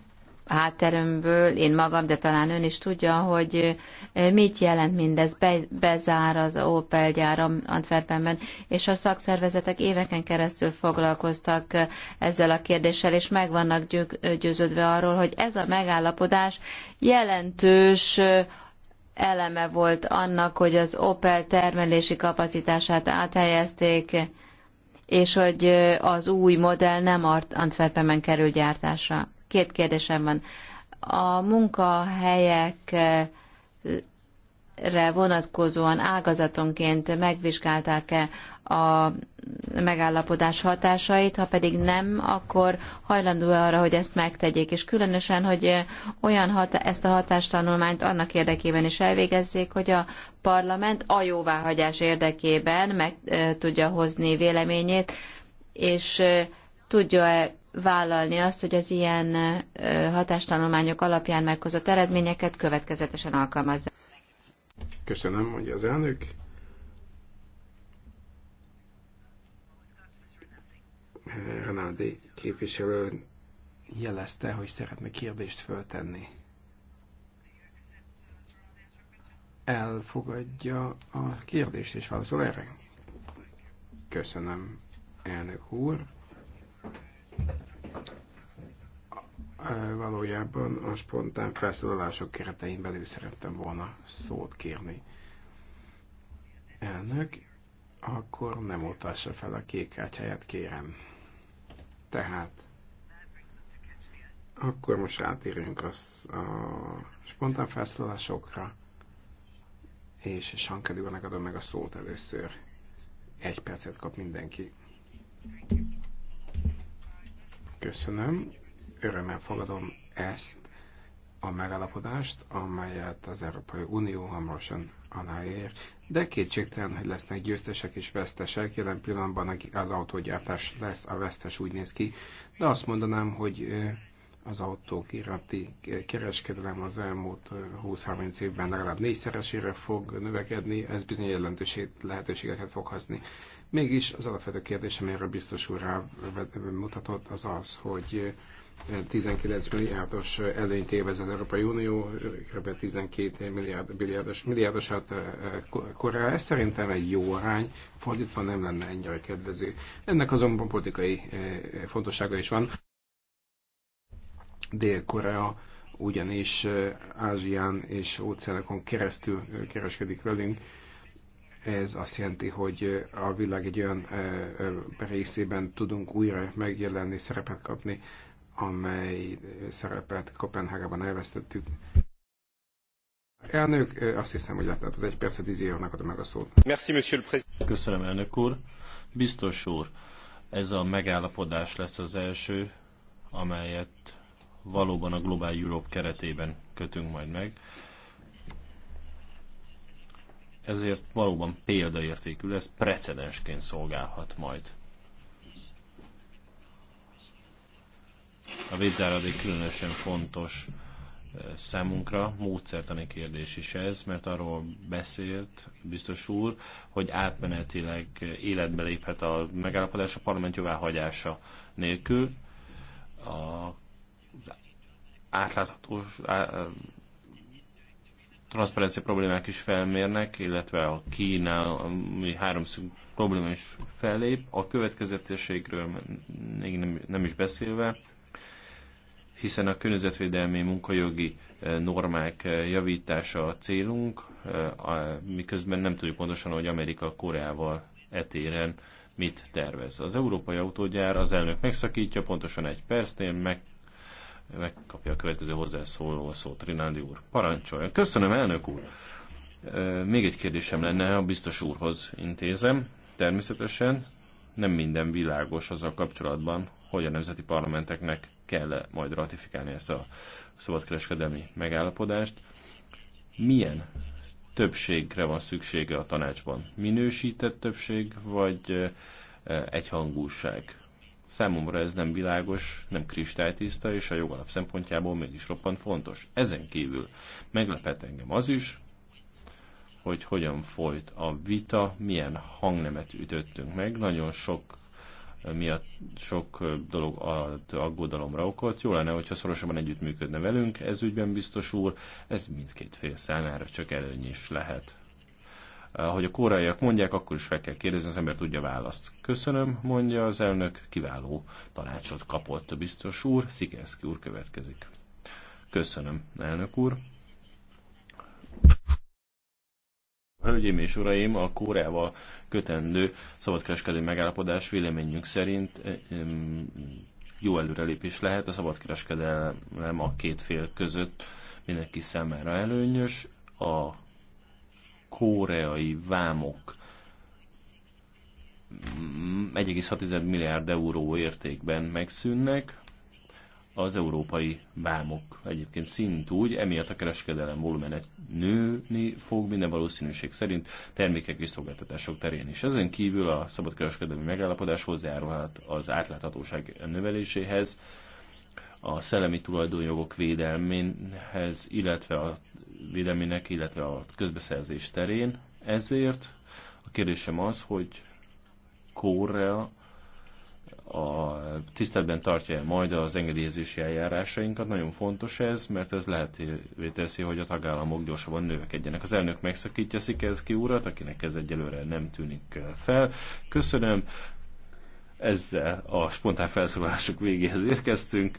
S1: hátteremből, én magam, de talán ön is tudja, hogy eh, mit jelent mindez. Be, bezár az Opel gyáram Antwerpenben, és a szakszervezetek éveken keresztül foglalkoztak eh, ezzel a kérdéssel, és meg vannak eh, győződve arról, hogy ez a megállapodás jelentős eleme volt annak, hogy az Opel termelési kapacitását áthelyezték, és hogy az új modell nem Antwerpenben kerül gyártásra. Két kérdésem van. A munkahelyekre vonatkozóan ágazatonként megvizsgálták-e a megállapodás hatásait, ha pedig nem, akkor hajlandó arra, hogy ezt megtegyék, és különösen, hogy olyan hat, ezt a hatástanulmányt annak érdekében is elvégezzék, hogy a parlament a jóváhagyás érdekében meg e, tudja hozni véleményét, és e, tudja-e vállalni azt, hogy az ilyen hatástanulmányok alapján meghozott eredményeket következetesen alkalmazza.
S3: Köszönöm, mondja az elnök. Renaldi képviselő jelezte, hogy szeretne kérdést föltenni. Elfogadja a kérdést és válaszol erre? Köszönöm, elnök úr valójában a spontán felszólalások keretein belül szerettem volna szót kérni. Elnök, akkor nem utassa fel a kék helyet kérem. Tehát, akkor most átérünk az, a spontán felszólalásokra, és Sankedőnek adom meg a szót először. Egy percet kap mindenki. Thank you. Köszönöm. Örömmel fogadom ezt a megállapodást, amelyet az Európai Unió hamarosan aláír, de kétségtelen, hogy lesznek győztesek és vesztesek. Jelen pillanatban az autógyártás lesz, a vesztes úgy néz ki, de azt mondanám, hogy az autók iránti kereskedelem az elmúlt 20-30 évben legalább négyszeresére fog növekedni, ez bizony jelentőség, lehetőségeket fog hozni Mégis az alapvető kérdés, amelyre biztos úr rá mutatott, az az, hogy 19 eh, milliárdos eh, előnyt élvez az Európai Unió, kb. 12 milliárd, milliárdos, milliárdosat eh, korrá. Ez szerintem egy jó arány, fordítva nem lenne ennyire kedvező. Ennek azonban politikai fontossága is van. Dél-Korea ugyanis Ázsián és óceánokon keresztül kereskedik velünk, ez azt jelenti, hogy a világ egy olyan részében tudunk újra megjelenni, szerepet kapni, amely szerepet Kopenhágában elvesztettük. Elnök, azt hiszem, hogy lehet, az egy percet, Izéornak adom meg a szót.
S2: Merci, monsieur le président. Köszönöm, elnök úr. Biztos úr, ez a megállapodás lesz az első, amelyet valóban a Global Europe keretében kötünk majd meg ezért valóban példaértékű lesz, precedensként szolgálhat majd. A védzáradék különösen fontos eh, számunkra, módszertani kérdés is ez, mert arról beszélt biztos úr, hogy átmenetileg életbe léphet a megállapodás a parlament jóváhagyása nélkül. A transzparencia problémák is felmérnek, illetve a ami háromszög probléma is fellép. A következetességről még nem, nem is beszélve, hiszen a környezetvédelmi munkajogi eh, normák eh, javítása a célunk, eh, miközben nem tudjuk pontosan, hogy Amerika Koreával etéren mit tervez. Az európai autógyár az elnök megszakítja, pontosan egy percnél meg megkapja a következő hozzászóló a szót, Rinándi úr. Parancsolja. Köszönöm, elnök úr. Még egy kérdésem lenne, a biztos úrhoz intézem. Természetesen nem minden világos azzal kapcsolatban, hogy a nemzeti parlamenteknek kell -e majd ratifikálni ezt a szabadkereskedelmi megállapodást. Milyen többségre van szüksége a tanácsban? Minősített többség, vagy egyhangúság? Számomra ez nem világos, nem kristálytiszta, és a jogalap szempontjából mégis roppant fontos. Ezen kívül meglepet engem az is, hogy hogyan folyt a vita, milyen hangnemet ütöttünk meg. Nagyon sok eh, miatt sok eh, dolog ad aggodalomra okot. Jó lenne, hogyha szorosabban együttműködne velünk ez ügyben, biztos úr. Ez mindkét fél számára csak előny is lehet. Ahogy eh, a kóraiak mondják, akkor is fel kell kérdezni, az ember tudja választ. Köszönöm, mondja az elnök, kiváló tanácsot kapott a biztos úr. Szikerszki úr következik. Köszönöm, elnök úr. Hölgyeim és uraim, a Kóreával kötendő szabadkereskedelmi megállapodás véleményünk szerint eh, jó előrelépés lehet. A szabadkereskedelem a két fél között mindenki számára előnyös. A koreai vámok 1,6 milliárd euró értékben megszűnnek, az európai vámok egyébként szintúgy, emiatt a kereskedelem volumene nőni fog minden valószínűség szerint termékek és szolgáltatások terén is. Ezen kívül a szabadkereskedelmi megállapodás hozzájárulhat az átláthatóság növeléséhez, a szellemi tulajdonjogok védelméhez, illetve a védelmének, illetve a közbeszerzés terén. Ezért a kérdésem az, hogy Korea a tiszteletben tartja -e majd az engedélyezési eljárásainkat. Nagyon fontos ez, mert ez lehetővé teszi, hogy a tagállamok gyorsabban növekedjenek. Az elnök megszakítja Szikerszki úrat, akinek ez egyelőre nem tűnik fel. Köszönöm, ezzel a spontán felszólások végéhez érkeztünk.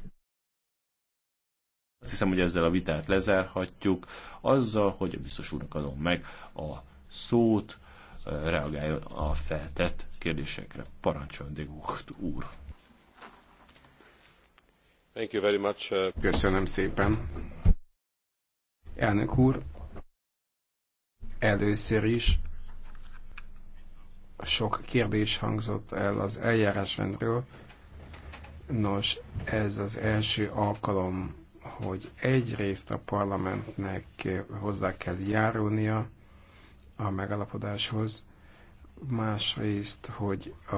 S2: Azt hiszem, hogy ezzel a vitát lezárhatjuk, azzal, hogy a biztos úrnak adom meg a szót, reagáljon a feltett kérdésekre. Parancsoljon, de úr!
S3: Thank you very much. Uh, Köszönöm szépen. Elnök úr, először is sok kérdés hangzott el az eljárásrendről. Nos, ez az első alkalom hogy egyrészt a parlamentnek hozzá kell járulnia a megalapodáshoz, másrészt, hogy a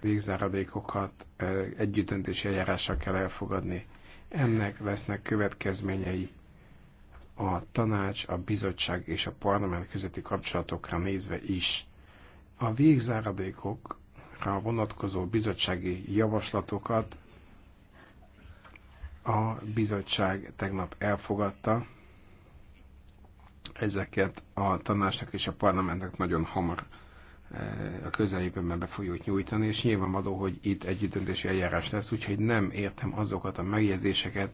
S3: végzáradékokat eh, együttöntési eljárással kell elfogadni. Ennek lesznek következményei a tanács, a bizottság és a parlament közötti kapcsolatokra nézve is. A végzáradékokra vonatkozó bizottsági javaslatokat a bizottság tegnap elfogadta ezeket a tanácsnak és a parlamentnek nagyon hamar e, a közeljövőben be fogjuk nyújtani, és nyilvánvaló, hogy itt együttdöntési eljárás lesz, úgyhogy nem értem azokat a megjegyzéseket,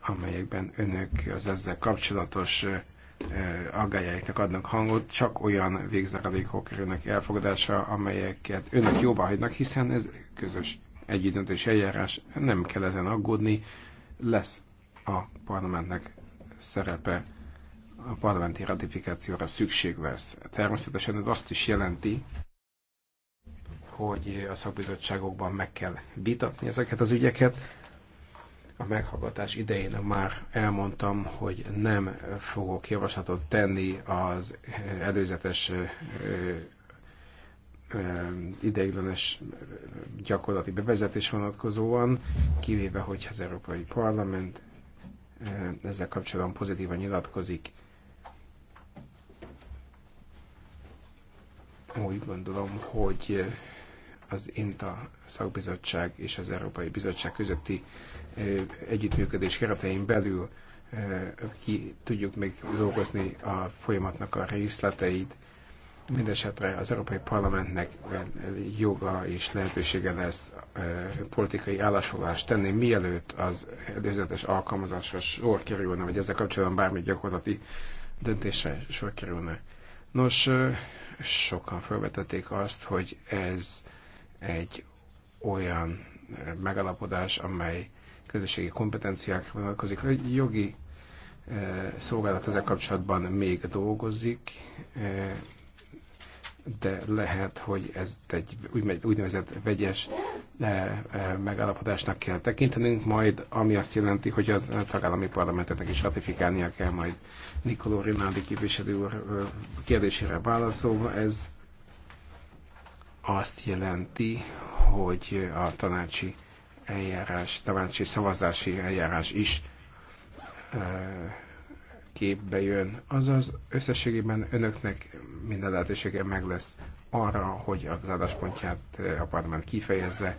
S3: amelyekben önök az ezzel kapcsolatos e, e, aggájáiknak adnak hangot, csak olyan végzáradékok kerülnek elfogadásra, amelyeket önök jóvá hagynak, hiszen ez közös egy döntés eljárás, nem kell ezen aggódni, lesz a parlamentnek szerepe, a parlamenti ratifikációra szükség lesz. Természetesen ez azt is jelenti, hogy a szakbizottságokban meg kell vitatni ezeket az ügyeket. A meghallgatás idején már elmondtam, hogy nem fogok javaslatot tenni az előzetes ideiglenes gyakorlati bevezetés vonatkozóan, kivéve, hogy az Európai Parlament ezzel kapcsolatban pozitívan nyilatkozik. Úgy gondolom, hogy az INTA szakbizottság és az Európai Bizottság közötti együttműködés keretein belül ki tudjuk még dolgozni a folyamatnak a részleteit, Mindenesetre az Európai Parlamentnek eh, joga és lehetősége lesz eh, politikai állásolást tenni, mielőtt az előzetes alkalmazásra sor kerülne, vagy ezzel kapcsolatban bármi gyakorlati döntésre sor kerülne. Nos, eh, sokan felvetették azt, hogy ez egy olyan megalapodás, amely közösségi kompetenciákra vonatkozik. A jogi szolgálat ezzel kapcsolatban még dolgozik, de lehet, hogy ez egy úgynevezett vegyes eh, eh, megállapodásnak kell tekintenünk, majd ami azt jelenti, hogy az a tagállami parlamentetnek is ratifikálnia kell majd Nikoló Rinaldi képviselő úr eh, kérdésére válaszolva. Ez azt jelenti, hogy a tanácsi eljárás, tanácsi szavazási eljárás is képbe jön. Azaz összességében önöknek minden lehetősége meg lesz arra, hogy az álláspontját eh, a parlament kifejezze.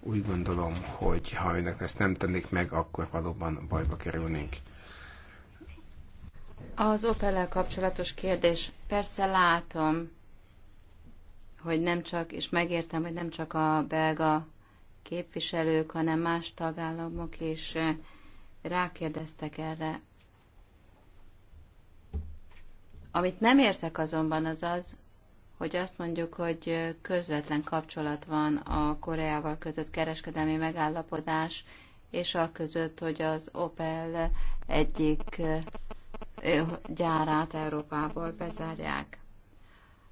S3: Úgy gondolom, hogy ha önök ezt nem tennék meg, akkor valóban bajba kerülnénk.
S1: Az opel kapcsolatos kérdés. Persze látom, hogy nem csak, és megértem, hogy nem csak a belga képviselők, hanem más tagállamok is eh, rákérdeztek erre. Amit nem értek azonban az az, hogy azt mondjuk, hogy közvetlen kapcsolat van a Koreával kötött kereskedelmi megállapodás, és a között, hogy az Opel egyik gyárát Európából bezárják.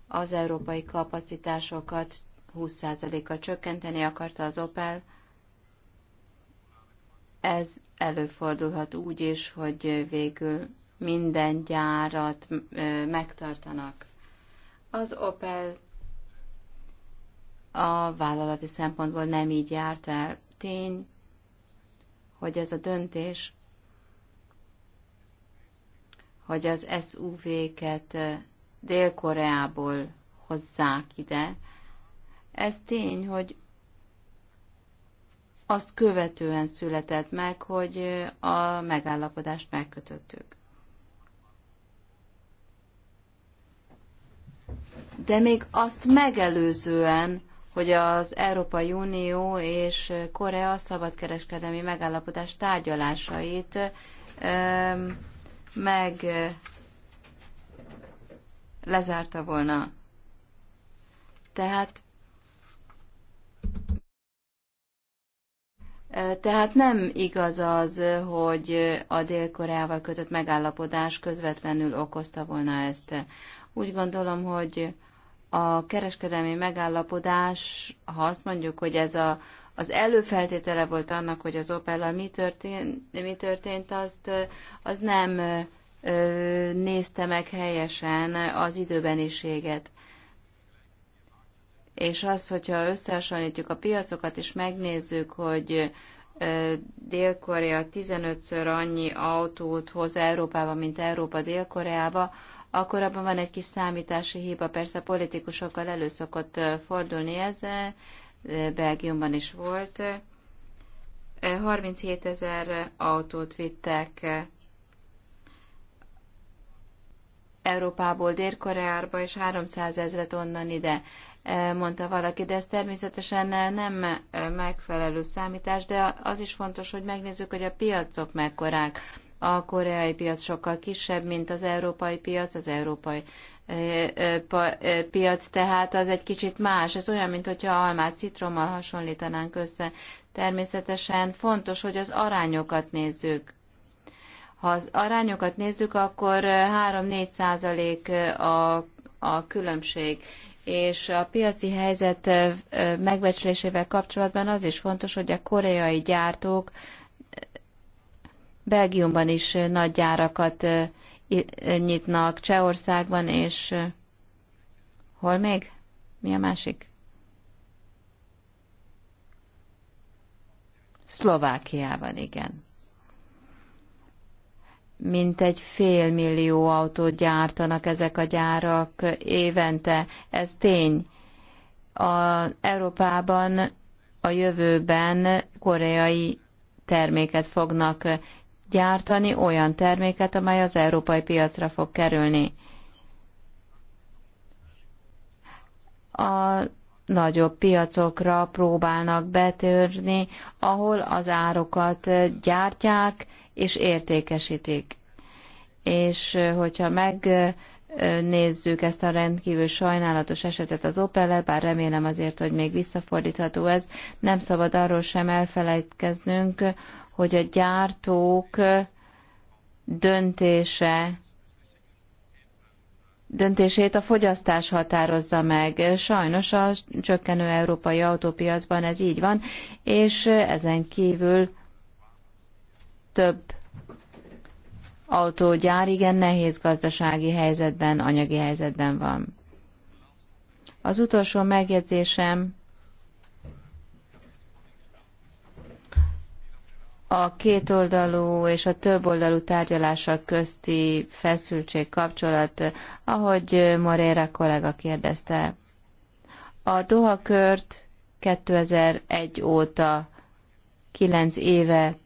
S1: Az európai kapacitásokat 20%-kal csökkenteni akarta az Opel, ez előfordulhat úgy is, hogy végül minden gyárat megtartanak. Az Opel a vállalati szempontból nem így járt el. Tény, hogy ez a döntés, hogy az SUV-ket Dél-Koreából hozzák ide, ez tény, hogy azt követően született meg, hogy a megállapodást megkötöttük. de még azt megelőzően, hogy az Európai Unió és Korea szabadkereskedelmi megállapodás tárgyalásait meg lezárta volna. Tehát Tehát nem igaz az, hogy a Dél-Koreával kötött megállapodás közvetlenül okozta volna ezt. Úgy gondolom, hogy a kereskedelmi megállapodás, ha azt mondjuk, hogy ez a, az előfeltétele volt annak, hogy az opel mi történt, mi történt azt, az nem ö, nézte meg helyesen az időbeniséget. És az, hogyha összehasonlítjuk a piacokat, és megnézzük, hogy Dél-Korea 15-ször annyi autót hoz Európába, mint Európa Dél-Koreába, akkor abban van egy kis számítási hiba, persze politikusokkal elő szokott fordulni ez, Belgiumban is volt. 37 ezer autót vittek Európából Dél-Koreába, és 300 ezeret onnan ide, mondta valaki, de ez természetesen nem megfelelő számítás, de az is fontos, hogy megnézzük, hogy a piacok mekkorák a koreai piac sokkal kisebb, mint az európai piac, az európai piac, tehát az egy kicsit más. Ez olyan, mint hogyha almát citrommal hasonlítanánk össze. Természetesen fontos, hogy az arányokat nézzük. Ha az arányokat nézzük, akkor 3-4 százalék a, a különbség. És a piaci helyzet megbecslésével kapcsolatban az is fontos, hogy a koreai gyártók Belgiumban is nagy gyárakat nyitnak, Csehországban, és hol még? Mi a másik? Szlovákiában, igen. Mint egy fél millió autót gyártanak ezek a gyárak évente. Ez tény. A Európában a jövőben koreai terméket fognak gyártani olyan terméket, amely az európai piacra fog kerülni. A nagyobb piacokra próbálnak betörni, ahol az árokat gyártják és értékesítik. És hogyha meg nézzük ezt a rendkívül sajnálatos esetet az opel bár remélem azért, hogy még visszafordítható ez, nem szabad arról sem elfelejtkeznünk, hogy a gyártók döntése döntését a fogyasztás határozza meg. Sajnos a csökkenő európai autópiacban ez így van, és ezen kívül több autógyár igen nehéz gazdasági helyzetben, anyagi helyzetben van. Az utolsó megjegyzésem a kétoldalú és a többoldalú tárgyalások közti feszültség kapcsolat, ahogy Moreira kollega kérdezte. A Doha kört 2001 óta 9 éve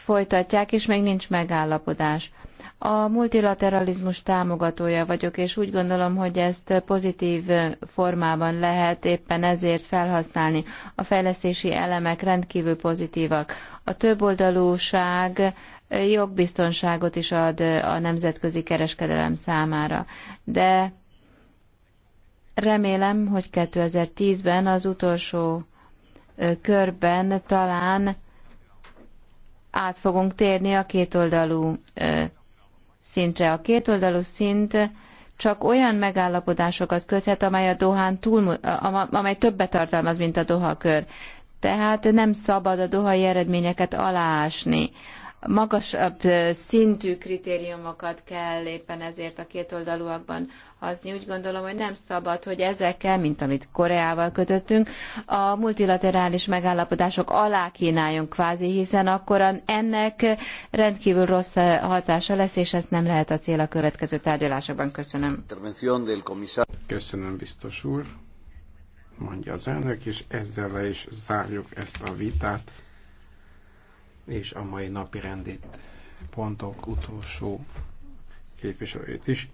S1: folytatják, és még nincs megállapodás. A multilateralizmus támogatója vagyok, és úgy gondolom, hogy ezt pozitív formában lehet éppen ezért felhasználni. A fejlesztési elemek rendkívül pozitívak. A többoldalúság jogbiztonságot is ad a nemzetközi kereskedelem számára. De remélem, hogy 2010-ben az utolsó körben talán át fogunk térni a kétoldalú szintre. A kétoldalú szint csak olyan megállapodásokat köthet, amely a Dohán túl, amely többet tartalmaz, mint a Doha kör. Tehát nem szabad a dohai eredményeket aláásni magasabb szintű kritériumokat kell éppen ezért a kétoldalúakban hazni. Úgy gondolom, hogy nem szabad, hogy ezekkel, mint amit Koreával kötöttünk, a multilaterális megállapodások alá kínáljunk kvázi, hiszen akkor ennek rendkívül rossz hatása lesz, és ez nem lehet a cél a következő tárgyalásokban. Köszönöm.
S3: Köszönöm, biztos úr, mondja az elnök, és ezzel le is zárjuk ezt a vitát és a mai napi rendét pontok utolsó képviselőjét is.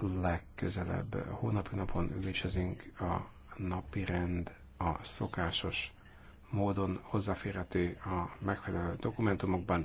S3: Legközelebb hónapi napon ülésezünk a napi rend a szokásos módon hozzáférhető a megfelelő dokumentumokban.